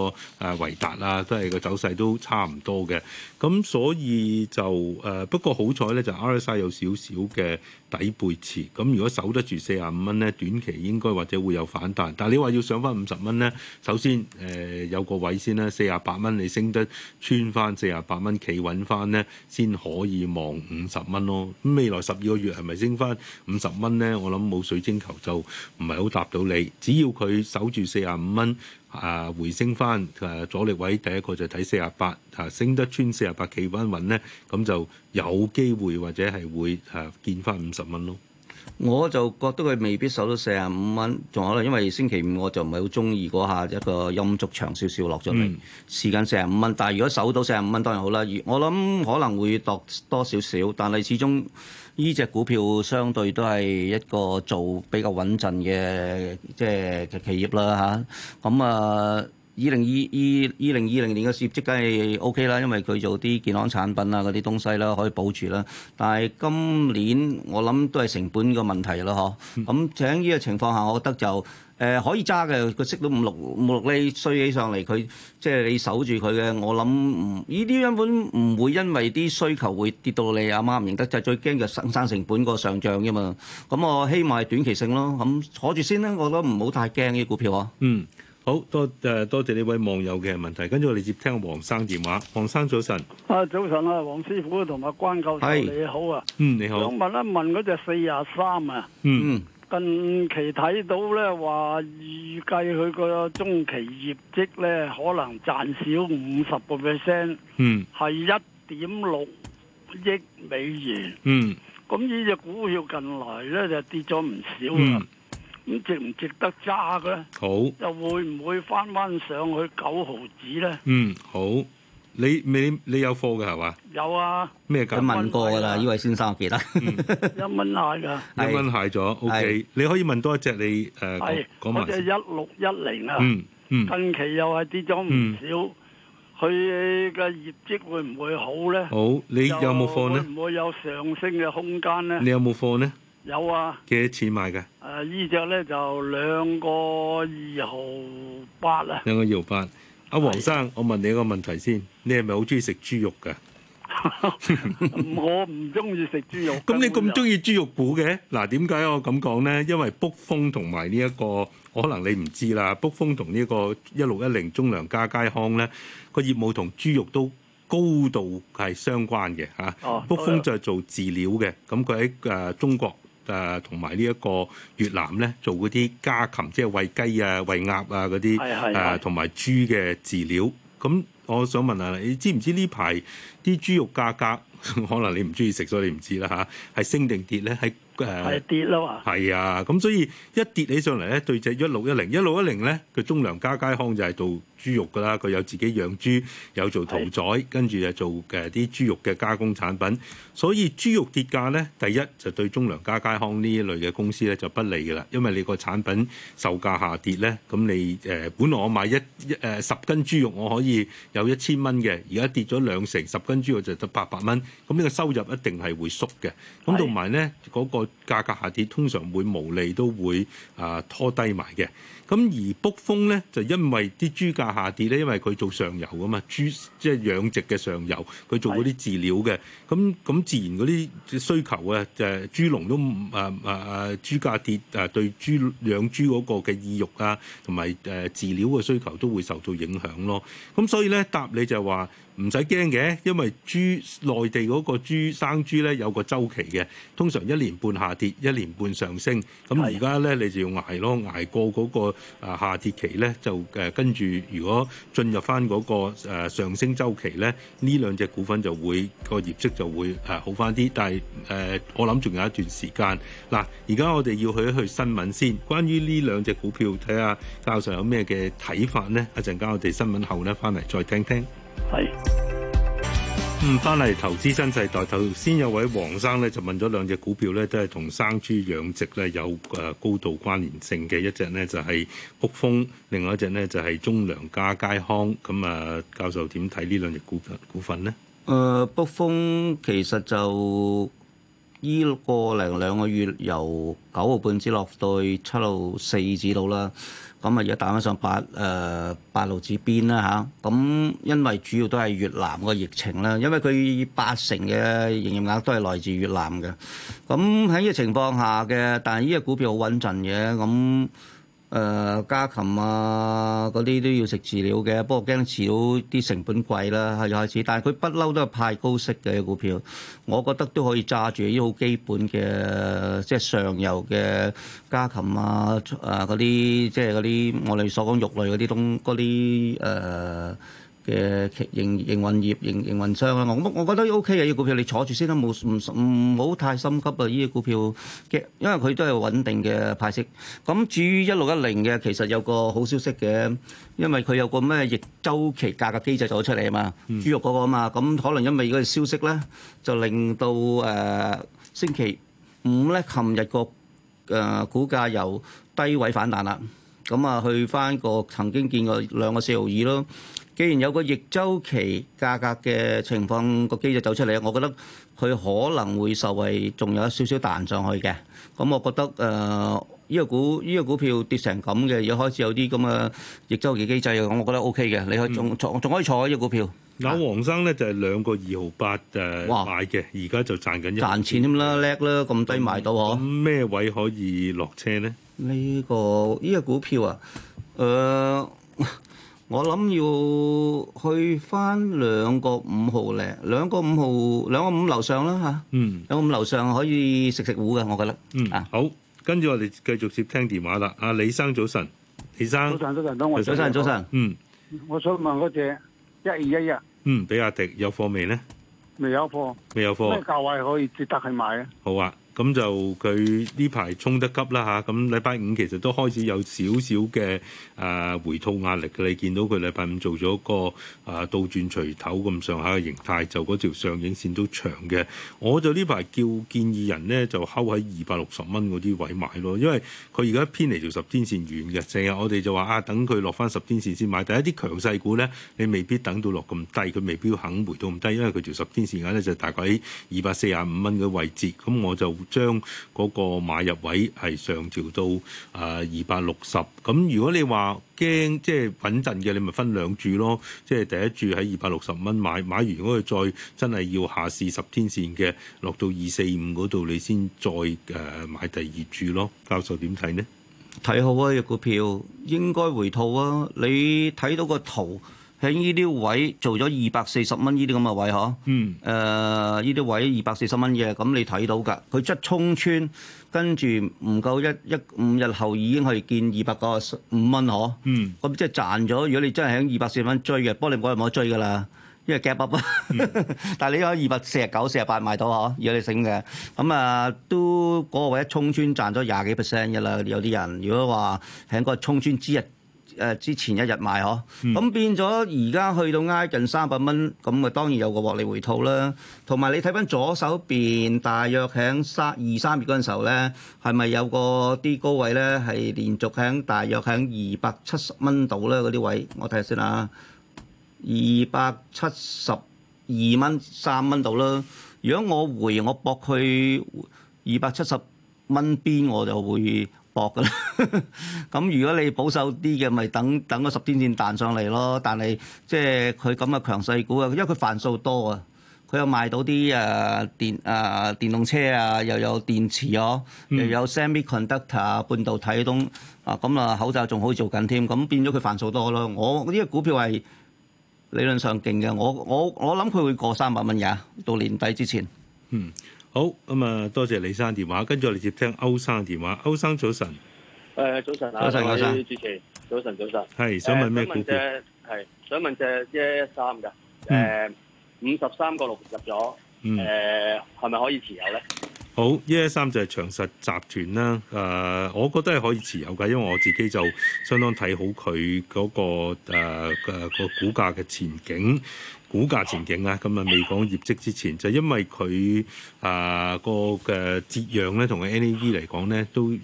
啊維達啦，都係個走勢都差唔多嘅。咁所以就誒、呃、不過好。彩咧就 RSI 有少少嘅底背馳咁，如果守得住四廿五蚊咧，短期應該或者會有反彈。但係你話要上翻五十蚊咧，首先誒、呃、有個位先啦，四廿八蚊你升得穿翻四廿八蚊企穩翻咧，先可以望五十蚊咯。咁未來十二個月係咪升翻五十蚊咧？我諗冇水晶球就唔係好答到你。只要佢守住四廿五蚊。啊，回升翻啊阻力位，第一個就睇四十八，啊升得穿四十八企穩穩咧，咁就有機會或者係會啊見翻五十蚊咯。我就覺得佢未必守到四十五蚊，仲可能因為星期五我就唔係好鍾意嗰下一個陰燭長少少落咗嚟，試緊四十五蚊。但係如果守到四十五蚊，當然好啦。我諗可能會度多少少，但係始終呢隻股票相對都係一個做比較穩陣嘅即係嘅企業啦嚇。咁啊～、嗯呃二零二二二零二零年嘅業績梗係 OK 啦，因為佢做啲健康產品啊嗰啲東西啦，可以保住啦。但係今年我諗都係成本個問題咯，嗬。咁喺呢個情況下，我覺得就誒可以揸嘅，佢息到五六五六釐，衰起上嚟，佢即係你守住佢嘅。我諗呢啲根本唔會因為啲需求會跌到你阿媽唔認得，就係最驚就生生成本個上漲啫嘛。咁我希望係短期性咯，咁坐住先啦。我覺得唔好太驚呢啲股票啊。嗯。好多誒，多謝呢位網友嘅問題，跟住我哋接聽黃生電話。黃生早晨，啊早晨啊，黃師傅同阿關教授 Hey. 你好啊，嗯你好。想問一問嗰隻四廿三啊，嗯，近期睇到咧話預計佢個中期業績咧可能賺少五十個 percent，嗯，係一點六億美元，嗯，咁呢隻股票近來咧就跌咗唔少啊。嗯咁值唔值得揸嘅咧？好又會唔會翻翻上去九毫子咧？嗯，好。你你你有貨嘅係嘛？有啊。咩價？一蚊問過㗎啦，呢位先生，記得一蚊蟹㗎。一蚊蟹咗，OK。你可以問多一隻你誒嗰隻一六一零啊。嗯嗯。近期又係跌咗唔少，佢嘅業績會唔會好咧？好，你有冇貨咧？會唔會有上升嘅空間咧？你有冇貨咧？有啊。幾錢買㗎？啊！呢隻咧就兩個二毫八喇，兩個二毫八。阿黃生，的我問你一個問題先，你係咪好中意食豬肉嘅？ 我唔中意食豬肉。咁你咁中意豬肉股嘅？嗱、啊，點解我咁講咧？因為卜蜂同埋呢一個，可能你唔知啦。卜蜂同呢個一六一零中糧家佳康咧，個業務同豬肉都高度係相關嘅嚇。卜蜂、啊、就係做飼料嘅，咁佢喺誒中國。誒同埋呢一個越南咧，做嗰啲家禽，即係餵雞啊、餵鴨啊嗰啲，誒同埋豬嘅飼料。咁我想問下你，知唔知呢排啲豬肉價格？可能你唔中意食，所以你唔知啦嚇，係升定跌咧？係誒？係跌啦嘛。係啊，咁所以一跌起上嚟咧，對隻一六一零、一六一零咧，個中糧家佳康就係到。豬肉噶啦，佢有自己養豬，有做屠宰，跟住又做誒啲豬肉嘅加工產品。所以豬肉跌價呢，第一就對中糧家佳康呢一類嘅公司呢就不利噶啦，因為你個產品售價下跌呢，咁你誒、呃、本來我買一誒、呃、十斤豬肉我可以有一千蚊嘅，而家跌咗兩成，十斤豬肉就得八百蚊，咁呢個收入一定係會縮嘅。咁同埋呢，嗰、嗰個價格下跌通常會無利都會啊拖低埋嘅。咁而卜蜂咧，就因為啲豬價下跌咧，因為佢做上游啊嘛，豬。即係養殖嘅上游，佢做嗰啲飼料嘅，咁咁自然嗰啲需求啊，誒豬籠都唔誒誒誒豬價跌，誒對豬養豬嗰個嘅意欲啊，同埋誒飼料嘅需求都會受到影響咯。咁所以咧，答你就話唔使驚嘅，因為豬內地嗰個豬生豬咧有個周期嘅，通常一年半下跌，一年半上升。咁而家咧，你就要挨咯，挨過嗰個誒下跌期咧，就誒跟住如果進入翻嗰個誒上升周期咧，呢兩隻股份就會，個業績就會誒好翻啲，但係誒、呃、我諗仲有一段時間。嗱，而家我哋要去一去新聞先，關於呢兩隻股票睇下教授有咩嘅睇法呢？一陣間我哋新聞後咧翻嚟再聽聽。係。嗯，翻嚟投資新世代，頭先有位黃生咧就問咗兩隻股票咧，都係同生豬養殖咧有誒高度關聯性嘅，一隻咧就係卜蜂，另外一隻咧就係中糧家佳康。咁啊，教授點睇呢兩隻股股份咧？誒、呃，卜蜂其實就依、這個零兩個月由九個半支落到去七個四字度啦。咁、呃、啊，而家打翻上八誒八路子邊啦嚇，咁因為主要都係越南個疫情啦，因為佢八成嘅營業額都係來自越南嘅，咁喺呢個情況下嘅，但係呢個股票好穩陣嘅咁。嗯誒、呃、家禽啊，嗰啲都要食飼料嘅，不過驚飼料啲成本貴啦，係開始。但係佢不嬲都係派高息嘅股票，我覺得都可以揸住。呢啲好基本嘅，即係上游嘅家禽啊，誒嗰啲即係嗰啲我哋所講肉類嗰啲東啲誒。嘅營營運業、營營運商啊，我我覺得 OK 嘅，依啲股票，你坐住先啦，冇唔唔唔好太心急啊！依啲股票嘅，因為佢都係穩定嘅派息。咁至於一六一零嘅，其實有個好消息嘅，因為佢有個咩逆週期價格機制做咗出嚟啊嘛，豬肉嗰個啊嘛，咁可能因為依個消息咧，就令到誒星期五咧，琴日個誒股價由低位反彈啦，咁啊去返個曾經見過兩個四毫二咯。既然有個逆周期價格嘅情況，個機制走出嚟，我覺得佢可能會受惠，仲有一少少彈上去嘅。咁我覺得誒，呢個股呢個股票跌成咁嘅，而家開始有啲咁嘅逆周期機制，我覺得 OK 嘅，你可以仲仲可以坐啊呢個股票。嗱，黃生咧就係兩個二毫八誒買嘅，而家就賺緊一，賺錢添啦，叻啦，咁低買到呵。咁咩位可以落車咧？呢個呢個股票啊，誒。我諗要去翻兩個五號咧，兩個五號兩個五樓上啦嚇，兩個五樓上可以食食糊嘅，我覺得。嗯，好，跟住我哋繼續接聽電話啦。阿李生早晨，李生早晨早晨早晨早晨早晨，嗯，我想問嗰隻一二一一，嗯，比亞迪有貨未咧？未有貨，未有貨。呢個價位可以值得去買啊？好啊。咁就佢呢排衝得急啦吓，咁禮拜五其實都開始有少少嘅誒回吐壓力嘅，你見到佢禮拜五做咗個誒、啊、倒轉錘頭咁上下嘅形態，就嗰條上影線都長嘅。我就呢排叫建議人咧就敲喺二百六十蚊嗰啲位買咯，因為佢而家偏離條十天線遠嘅，成日我哋就話啊等佢落翻十天線先買。但係一啲強勢股咧你未必等到落咁低，佢未必肯回到咁低，因為佢條十天線間咧就大概喺二百四廿五蚊嘅位置，咁我就。將嗰個買入位係上調到誒二百六十，咁如果你話驚即係穩陣嘅，你咪分兩注咯，即係第一注喺二百六十蚊買，買完如果佢再真係要下試十天線嘅落到二四五嗰度，你先再誒買第二注咯。教授點睇呢？睇好啊，入股票應該回套啊！你睇到個圖。喺呢啲位做咗二百四十蚊呢啲咁嘅位嗬，嗯，誒、呃，呢啲位二百四十蚊嘅，咁你睇到㗎。佢出沖穿，跟住唔夠一一五日後已經係見二百個五蚊嗬，嗯，咁即係賺咗。如果你真係喺二百四十蚊追嘅，不過你唔可以唔可以追㗎啦，因為 gap up、 嗯、但係你喺二百四十九、四十八買到嗬，如果你醒嘅，咁、嗯、啊都嗰、嗰個位一沖穿賺咗廿幾 percent 一啦。有啲人如果話喺個沖穿之日。誒之前一日買呵，咁、嗯、變咗而家去到挨近三百蚊，咁咪當然有個獲利回吐啦。同埋你睇翻左手邊，大約喺三二三月嗰陣時候咧，係咪有個啲高位咧？係連續喺大約喺二百七十蚊度咧嗰啲位，我睇下先啊，二百七十二蚊三蚊度啦。如果我回我駁去二百七十蚊邊，我就會，搏㗎啦，咁 如果你保守啲嘅，咪等等個十天線彈上嚟咯。但係即係佢咁嘅強勢股啊，因為佢範數多啊，佢又賣到啲誒、呃、電誒、呃、電動車啊，又有電池啊，哦嗯、又有 semiconductor 半導體嗰種啊，咁啊口罩仲可以做緊添。咁變咗佢範數多咯。我呢、這個股票係理論上勁嘅，我我我諗佢會過三百蚊嘢到年底之前。嗯。好咁啊、嗯，多謝李生電話，跟住我哋接聽歐生嘅電話。歐生早晨，誒、呃、早，早晨，早晨早晨，主持，早晨早晨，係想問咩問題？係、呃、想問隻一問一三一一三嘅，誒五十三個六入咗，誒，係咪可以持有咧？好，一一三就係長實集團啦。誒、呃，我覺得係可以持有嘅，因為我自己就相當睇好佢嗰、那個誒嘅、呃，那個股價嘅前景，股價前景啊。咁啊未講業績之前，就因為佢。啊，個嘅折讓咧，同個 NAV 嚟講咧，都誒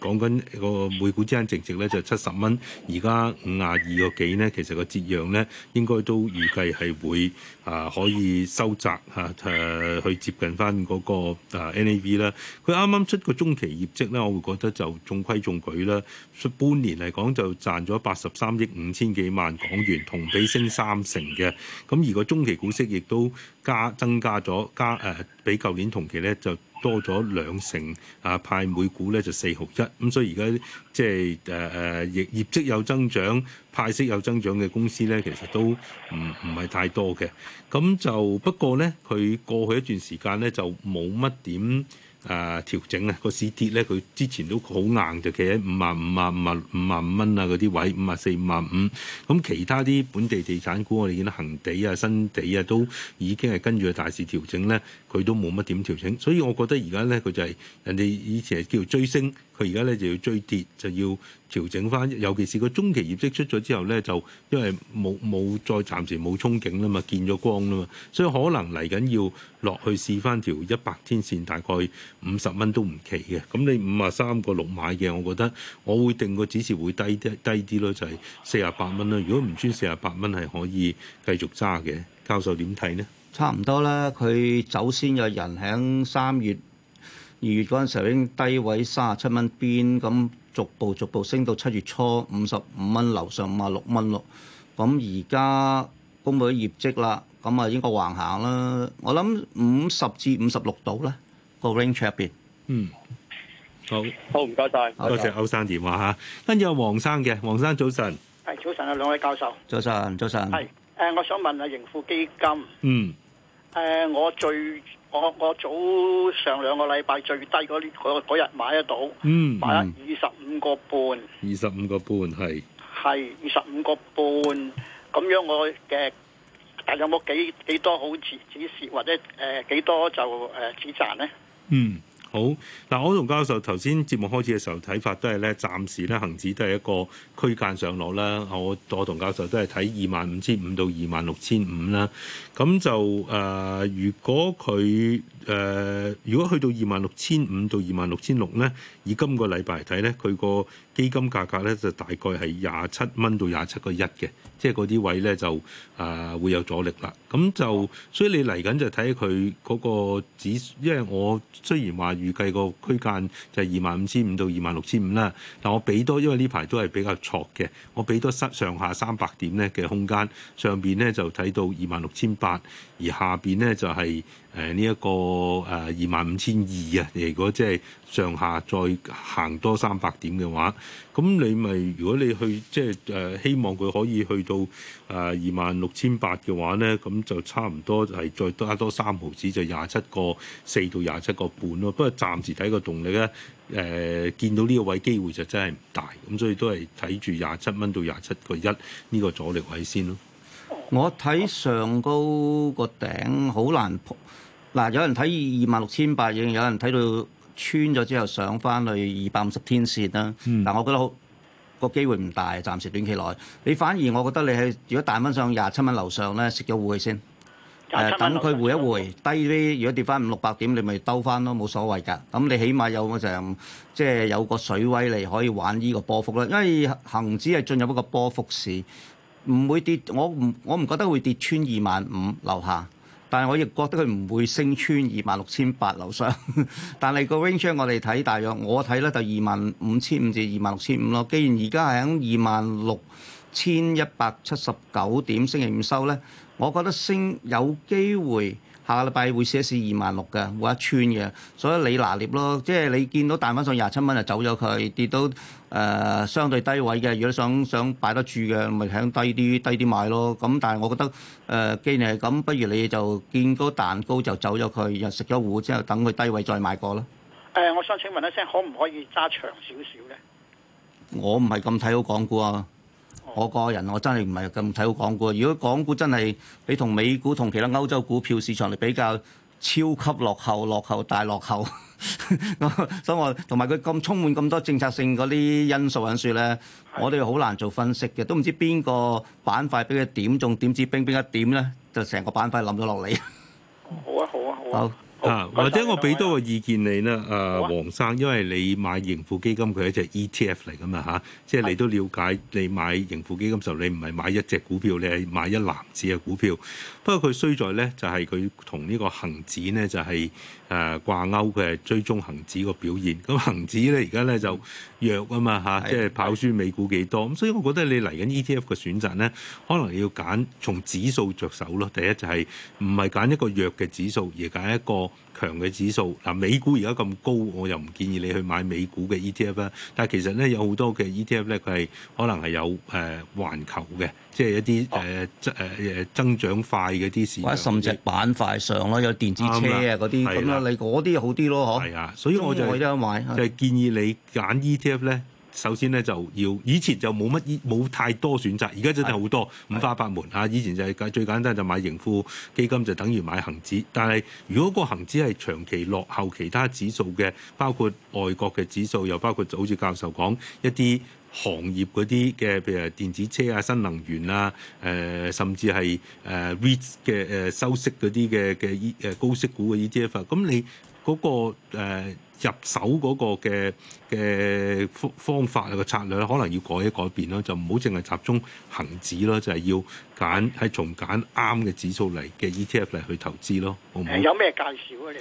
講緊個每股之間淨值咧就七十蚊，而家五十二個幾咧，其實個折讓咧應該都預計係會啊可以收窄嚇誒、啊，去接近翻嗰個啊 NAV 啦。佢啱啱出個中期業績咧，我會覺得就中規中矩啦。半年嚟講就賺咗八十三億五千幾萬港元，同比升三成嘅。咁而個中期股息亦都。加增加咗加誒、呃，比舊年同期咧就多咗兩成啊派每股咧就四毫一，咁、嗯、所以而家即係誒誒業業績有增長、派息有增長嘅公司咧，其實都唔唔係太多嘅，咁就不過咧，佢過去一段時間咧就冇乜點。誒、啊、調整啊，個市跌咧，佢之前都好硬，就企喺五萬五萬五萬五萬五蚊啊嗰啲位，五萬四五萬五。咁其他啲本地地產股，我哋見到恆地啊、新地啊，都已經係跟住個大市調整咧，佢都冇乜點調整。所以我覺得而、就是、家咧，佢就係人哋以前係叫做追升。佢而家咧就要追跌，就要調整翻，尤其是個中期業績出咗之後咧，就因為冇冇再暫時冇憧憬啦嘛，見咗光啦嘛，所以可能嚟緊要落去試翻條一百天線，大概五十蚊都唔奇嘅。咁你五啊三個六買嘅，我覺得我會定個指示會低啲低啲咯，就係四啊八蚊啦。如果唔穿四啊八蚊係可以繼續揸嘅，教授點睇呢？差唔多啦，佢走先有人響三月。二月嗰陣時候已經低位三十七蚊邊，咁逐步逐步升到七月初五十五蚊，樓上五啊六蚊咯。咁而家公布咗業績啦，咁啊應該橫行啦。我諗五十至五十六度咧個 range 入邊。嗯，好，好唔該曬，多謝歐生電話吓。跟住有黃生嘅，黃生早晨。係早晨啊，兩位教授。早晨，早晨。係誒，我想問下盈富基金。嗯。誒，我最。我我早上兩個禮拜最低嗰日買得到，買咗二十五個半，二十五個半係，係二十五個半咁樣我嘅，但有冇幾幾多好止止蝕或者誒、呃、幾多就誒、呃、止賺咧？嗯。好，嗱我同教授頭先節目開始嘅時候睇法都係咧，暫時咧恆指都係一個區間上落啦。我我同教授都係睇二萬五千五到二萬六千五啦。咁就誒、呃，如果佢誒、呃，如果去到二萬六千五到二萬六千六咧，00，以今個禮拜嚟睇咧，佢個基金價格咧就大概係廿七蚊到廿七個一嘅，1，即係嗰啲位咧就誒、呃、會有阻力啦。咁就所以你嚟緊就睇佢嗰個指，因為我雖然話預計個區間就係二萬五千五到二萬六千五啦，但我俾多，因為呢排都係比較挫嘅，我俾多上上下三百點咧嘅空間，上邊咧就睇到二萬六千八。而下邊咧就係誒呢一個誒、呃、二萬五千二啊！如果即係上下再行多三百點嘅話，咁你咪、就是、如果你去即係誒希望佢可以去到誒、呃、二萬六千八嘅話咧，咁就差唔多係再加多三毫子，就廿七個四到廿七個半咯。不過暫時睇個動力咧，誒、呃、見到呢個位機會就真係唔大，咁所以都係睇住廿七蚊到廿七個一呢個阻力位先咯。我睇上高個頂好難破，嗱，有人睇二萬六千八已經，有人睇到穿咗之後上翻去二百五十天線啦。嗯、但我覺得好個機會唔大，暫時短期內。你反而我覺得你係如果彈翻上廿七蚊樓上咧，食咗回先，誒 27 元、啊、等佢回一回低啲，如果跌翻五六百點，你咪兜翻咯，冇所謂㗎。咁你起碼有成即係有個水位嚟可以玩呢個波幅啦，因為恆指係進入一個波幅市。唔會跌，我唔我唔覺得會跌穿二萬五樓下，但係我亦覺得佢唔會升穿二萬六千八樓上。 但係個 range 我哋睇大約，我睇咧就二萬五千五至二萬六千五咯。既然而家係響二萬六千一百七十九點星期五收咧，我覺得升有機會下禮拜會試,試 26, 一試二萬六嘅，會一穿嘅。所以你拿捏咯，即係你見到彈翻上廿七蚊就走咗佢，跌到。誒、呃、相對低位嘅，如果想想擺得住嘅，咪喺低啲低啲買咯。咁但係我覺得誒既然係咁，不如你就見到蛋糕就走咗佢，又食咗糊，之後等佢低位再買過啦。誒、呃，我想請問一聲，可唔可以揸長少少咧？我唔係咁睇好港股啊！Oh. 我個人我真係唔係咁睇好港股啊。如果港股真係你同美股同其他歐洲股票市場嚟比較，超級落後，落後大落後，所 以我同埋佢咁充滿咁多政策性嗰啲因素因素咧，我哋好難做分析嘅，都唔知邊個板塊俾佢點中，點知兵邊一點咧，就成個板塊冧咗落嚟。好啊，好啊，好。啊。或者我俾多個意見你咧，阿、呃啊、黃生，因為你買盈富基金佢係一隻 ETF 嚟噶嘛嚇、啊，即係你都了解，你買盈富基金時候，你唔係買一隻股票，你係買一籃子嘅股票。不過佢衰在咧，就係佢同呢個恒指咧，就係誒掛鈎嘅追蹤恒指個表現。咁恒指咧而家咧就弱嘛啊嘛嚇，即係是跑輸美股幾多。咁是所以我覺得你嚟緊 ETF 嘅選擇咧，可能要揀從指數着手咯。第一就係唔係揀一個弱嘅指數，而揀一個。強嘅指數嗱、啊，美股而家咁高，我又唔建議你去買美股嘅 ETF 啦。但係其實咧，有好多嘅 ETF 咧，佢係可能係有誒環、呃、球嘅，即係一啲誒誒誒增長快嘅啲市，或者甚至板塊上咯，有電子車啊嗰啲咁樣，了那你嗰啲好啲咯，嗬了。係啊，所以我就即係建議你揀 ETF 咧。首先咧就要，以前就冇乜冇太多選擇，而家真係好多的五花八門啊！以前就係、是、最簡單就買盈富基金，就等於買恒指。但係如果個恒指係長期落後其他指數嘅，包括外國嘅指數，又包括就好似教授講一啲行業嗰啲嘅，譬如電子車啊、新能源啊，誒、呃、甚至係誒 REIT 嘅誒收息嗰啲嘅嘅誒高息股嘅 ETF，咁你嗰、那個誒？呃入手嗰個嘅嘅方法啊，個策略咧，可能要改一改變咯， 就唔好淨係集中恆指咯，就係要揀係從揀啱嘅指數嚟嘅 ETF 嚟去投資咯，好唔好？呃、有咩介紹啊？你？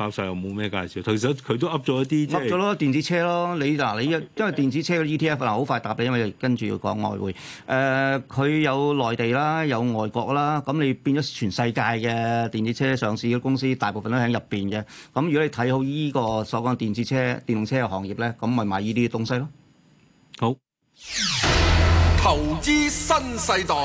包曬又冇咩介紹，其實佢都噏咗一啲，噏咗咯電子車咯，你嗱，你因為電子車嘅 ETF，嗱好快答你，因為跟住要講外匯，誒佢有內地啦，有外國啦，咁你變咗全世界嘅電子車上市嘅公司，大部分都喺入邊嘅。咁如果你睇好依個所講電子車、電動車嘅行業咧，咁咪買依啲東西咯。好，投資新世代。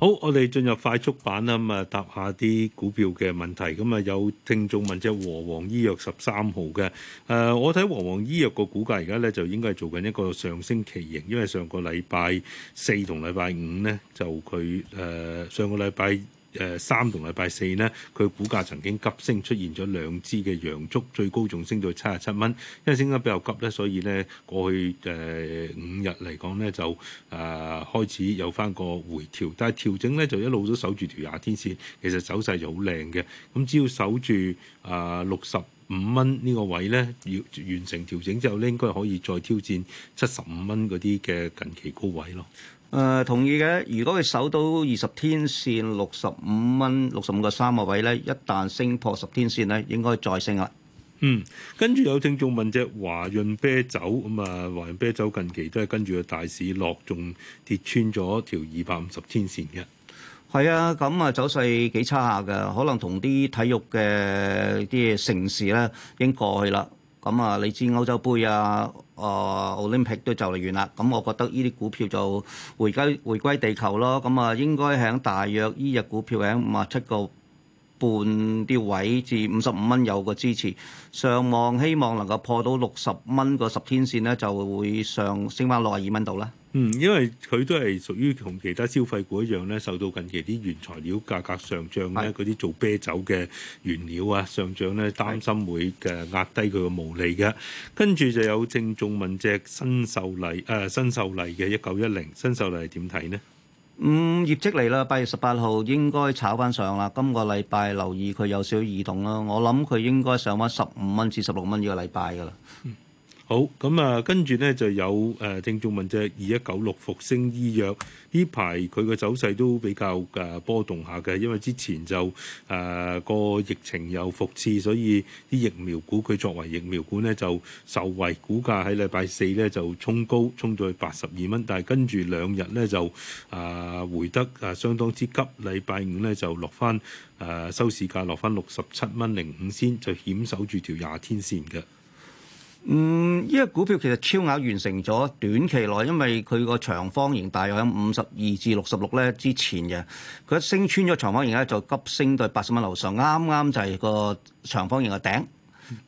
好，我哋進入快速版啦。咁啊，答下啲股票嘅問題。咁啊，有聽眾問即係、即係、和黃醫藥十三號嘅。誒、呃，我睇和黃醫藥個股價而家咧就應該係做緊一個上升旗形，因為上個禮拜四同禮拜五咧就佢誒、呃、上個禮拜。誒、呃、三同禮拜四呢，佢股價曾經急升，出現咗兩支嘅陽燭，最高仲升到七十七蚊。因為升得比較急呢，所以呢過去誒、呃、五日嚟講呢，就啊、呃、開始有翻個回調，但係調整呢，就一路都守住條廿天線，其實走勢就好靚嘅。咁只要守住啊六十五蚊呢個位呢，要完成調整之後呢，應該可以再挑戰七十五蚊嗰啲嘅近期高位咯。誒、呃、同意嘅，如果佢守到二十天線六十五蚊，六十五個三個位咧，一旦升破十天線咧，應該再升啦。嗯，跟住有聽眾問隻華潤啤酒咁啊，華潤啤酒，啤酒近期都係跟住個大市落，仲跌穿咗條二百五十天線嘅。係啊，咁啊走勢幾差下㗎，可能同啲體育嘅啲城市咧，已經過去啦。咁啊、嗯，你知歐洲杯啊，誒奧林匹克都就嚟完啦，咁、嗯、我覺得呢啲股票就回歸回歸地球咯，咁、嗯、啊應該喺大約呢日股票喺五十七個半啲位至五十五蚊有個支持，上望希望能夠破到六十蚊個十天線呢，就會上升翻六十二蚊度啦。嗯，因為佢都係屬於同其他消費股一樣咧，受到近期啲原材料價格上漲咧，嗰啲是做啤酒嘅原料啊上漲咧，擔心會誒壓低佢嘅毛利嘅。跟住是就有正眾問隻新秀麗誒新秀麗嘅一九一零，新秀麗係點睇呢？嗯，業績嚟啦，八月十八號應該炒翻上啦。今個禮拜留意佢有少少異動啦，我諗佢應該上翻十五蚊至十六蚊依個禮拜㗎啦。嗯好咁啊，跟住呢就有誒、呃，聽眾問隻，二一九六復星醫藥呢排佢個走勢都比較誒波動下嘅，因為之前就誒個、呃、疫情有復刺，所以啲疫苗股佢作為疫苗股呢，就受惠，股價喺禮拜四呢就衝高，衝到去八十二蚊，但係跟住兩日呢，就啊、呃、回得啊相當之急，禮拜五呢，就落翻誒、呃、收市價落翻六十七蚊零五仙，就險守住條廿天線嘅。嗯，呢個股票其實超額完成咗，短期內因為佢個長方形大約喺五十二至六十六咧之前嘅，佢一升穿咗長方形咧就急升到八十蚊樓上，啱啱就係個長方形嘅頂。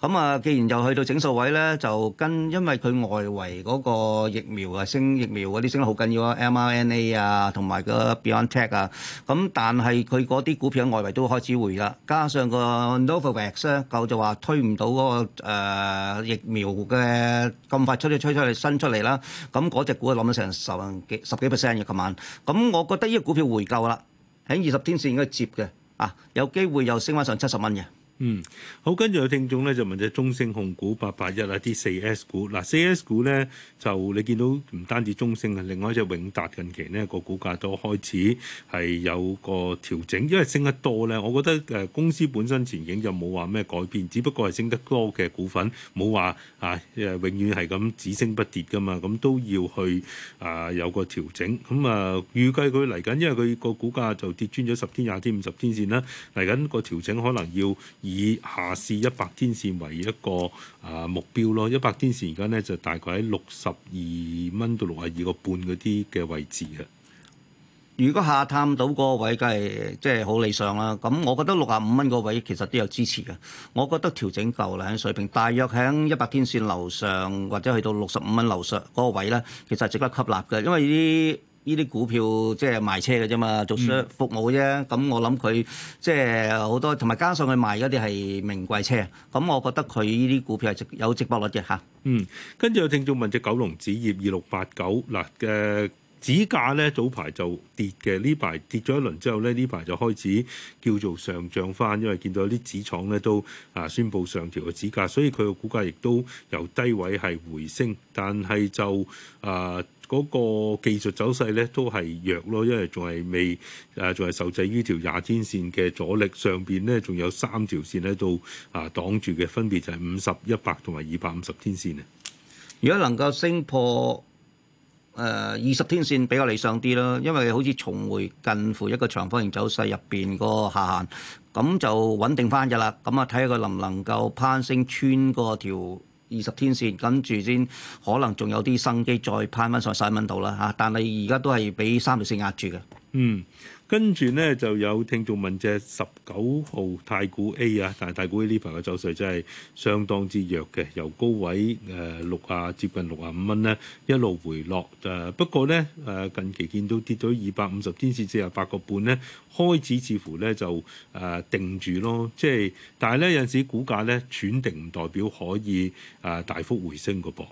咁啊，既然又去到整數位咧，就跟因為佢外圍嗰個疫苗啊，升疫苗嗰啲升得好緊要啊，mRNA 啊，同埋個 BioNTech 啊，咁但係佢嗰啲股票喺外圍都開始回啦。加上個 Novavax 咧，夠就話推唔到嗰個誒疫苗嘅咁快出，出出嚟新出嚟啦。咁嗰隻股啊，諗咗成十幾十幾 percent 嘅琴晚。咁我覺得呢個股票回夠啦，喺二十天線應該接嘅啊，有機會又升翻上七十蚊嘅。嗯，好，跟住有聽眾咧就問隻中升控股八八一啊啲四 S 股。嗱四 S 股咧就你見到唔單止中升啊，另外一隻永達近期呢個股價都開始係有個調整，因為升得多咧，我覺得誒公司本身前景就冇話咩改變，只不過係升得多嘅股份冇話啊永遠係咁只升不跌噶嘛，咁都要去啊有個調整，咁、嗯、啊、呃、預計佢嚟緊，因為佢個股價就跌穿咗十天、廿天、五十天線啦，嚟緊個調整可能要以下市一百天線為一個啊目標咯，一百天線而家咧就大概喺六十二蚊到六十二個半嗰啲嘅位置啊。如果下探到嗰個位，梗係即係好理想啦。咁我覺得六十五蚊嗰個位其實都有支持嘅。我覺得調整夠喇喺水平，大約喺一百天線樓上或者去到六十五蚊樓上嗰個位咧，其實係值得吸納嘅，因為呢啲。呢啲股票即係賣車嘅啫嘛，做 s 服務啫。咁、嗯、我諗佢即係好多，同埋加上佢賣嗰啲係名貴車。咁我覺得佢呢啲股票係有值博率嘅嚇。嗯，跟住有聽眾問隻九龍紙業二六八九嗱嘅紙價咧，早排就跌嘅。呢排跌咗一輪之後咧，呢排就開始叫做上漲翻，因為見到有啲紙廠咧都啊宣佈上調個紙價，所以佢嘅股價亦都由低位係回升，但係就啊。呃嗰個技術走勢咧都係弱咯，因為仲係未誒，仲、啊、係受制於條廿天線嘅阻力上邊咧，仲有三條線喺度啊擋住嘅，分別就係五十一百同埋二百五十天線啊。如果能夠升破誒二十天線，比較理想啲咯，因為好似重回近乎一個長方形走勢入邊個下限，咁就穩定翻嘅啦。咁啊，睇下佢能唔能夠攀升穿過條，二十天線，跟住先可能仲有啲生機，再攀翻上細蚊度啦嚇。但係而家都係俾三條線壓住嘅。嗯。跟住咧，就有聽眾問隻十九號太古 A 啊，但係太古 A 呢排嘅走勢真係相當之弱嘅，由高位誒六啊接近六啊五蚊咧一路回落誒、呃。不過咧誒、呃、近期見到跌咗二百五十天線四十八個半咧，開始似乎咧就誒、呃、定住咯。即係但係咧有陣時股價咧喘定唔代表可以誒、呃、大幅回升個噃。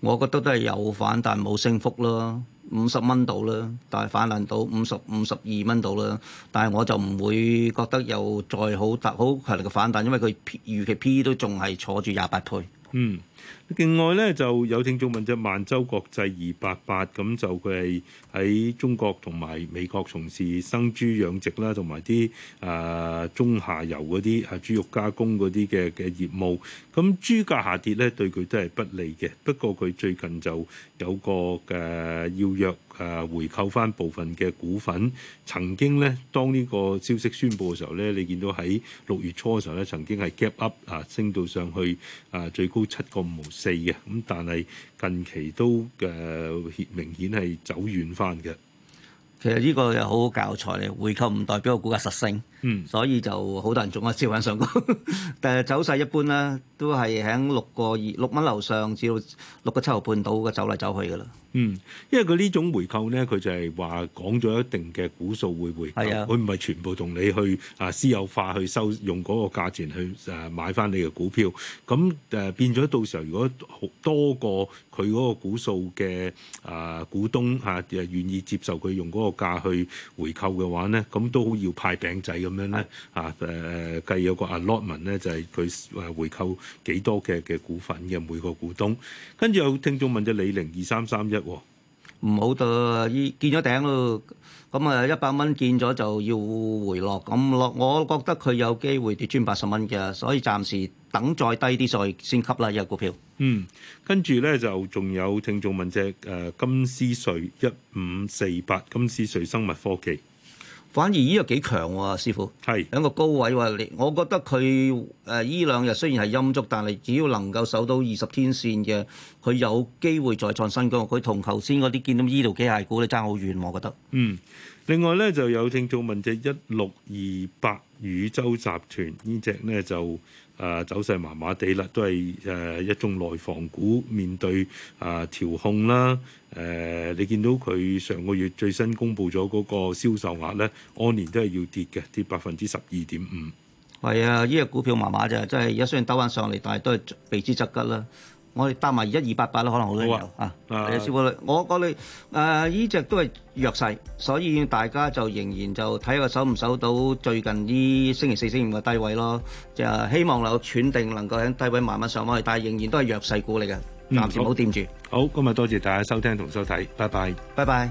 我覺得都係有反彈，但冇升幅咯，五十蚊到啦，但係反彈到五十五十二蚊到啦，但係我就唔會覺得有再好大好強力嘅反彈，因為佢 P 預期 P 都仲係坐住廿八倍。嗯。另外咧，就有聽眾問隻萬洲國際二八八，咁就佢係喺中國同埋美國從事生豬養殖啦，同埋啲啊中下游嗰啲啊豬肉加工嗰啲嘅嘅業務。咁豬價下跌咧，對佢都係不利嘅。不過佢最近就有個嘅、啊、要約啊回購翻部分嘅股份。曾經咧，當呢個消息宣佈嘅時候咧，你見到喺六月初嘅時候咧，曾經係 gap up 啊升到上去啊最高七個。無四嘅，咁但係近期都誒、呃、明顯係走遠翻嘅。其實呢個有好好教材嚟，回購唔代表股價實升。嗯，所以就好多人中啊，照揾上高，但係走勢一般啦，都係響六個二六蚊樓上至到六個七毫半到嘅走嚟走去㗎啦。嗯，因為佢呢種回購咧，佢就係話講咗一定嘅股數會回購，佢唔係全部同你去啊私有化去收用嗰個價錢去誒買翻你嘅股票。咁誒、呃、變咗到時候，如果好多過佢嗰個股數嘅啊、呃、股東啊誒願意接受佢用嗰個價去回購嘅話咧，咁都好要派餅仔。咁樣咧，啊誒誒，計有個 allotment 咧，就係佢誒回購幾多嘅嘅股份嘅每個股東。跟住有聽眾問隻李寧二三三一，唔好得，見咗頂咯。咁啊，一百蚊見咗就要回落，咁落我覺得佢有機會跌穿八十蚊嘅，所以暫時等再低啲再先吸啦。依、呢個股票。嗯，跟住咧就仲有聽眾問隻誒、呃、金斯瑞一五四八金斯瑞生物科技，反而依個幾強喎，師傅。係喺是個高位話，你我覺得佢誒依兩日雖然係陰燭，但係只要能夠守到二十天線嘅，佢有機會再創新高。佢同頭先嗰啲見到醫療機械股咧爭好遠，我覺得。嗯，另外咧就有聽眾問隻一六二八宇宙集團、這個、呢隻咧就。啊，走勢麻麻地啦，都係誒、啊、一眾內房股面對啊調控啦。誒、啊，你見到佢上個月最新公布咗嗰個銷售額咧，按年都係要跌嘅，跌百分之十二點五。係啊，呢個股票麻麻咋，即係而家雖然兜翻上嚟，但係都係避之則吉啦。我哋搭埋一二八八啦，可能多人好多有啊，有少少我講你呢隻都係弱勢，所以大家就仍然就睇下守唔守到最近呢星期四、星期五嘅低位咯。就希望有喘定，能夠喺低位慢慢上翻去，但係仍然都係弱勢股嚟嘅，暫時唔好掂住。好，好今日多謝大家收聽同收睇，拜拜，拜拜。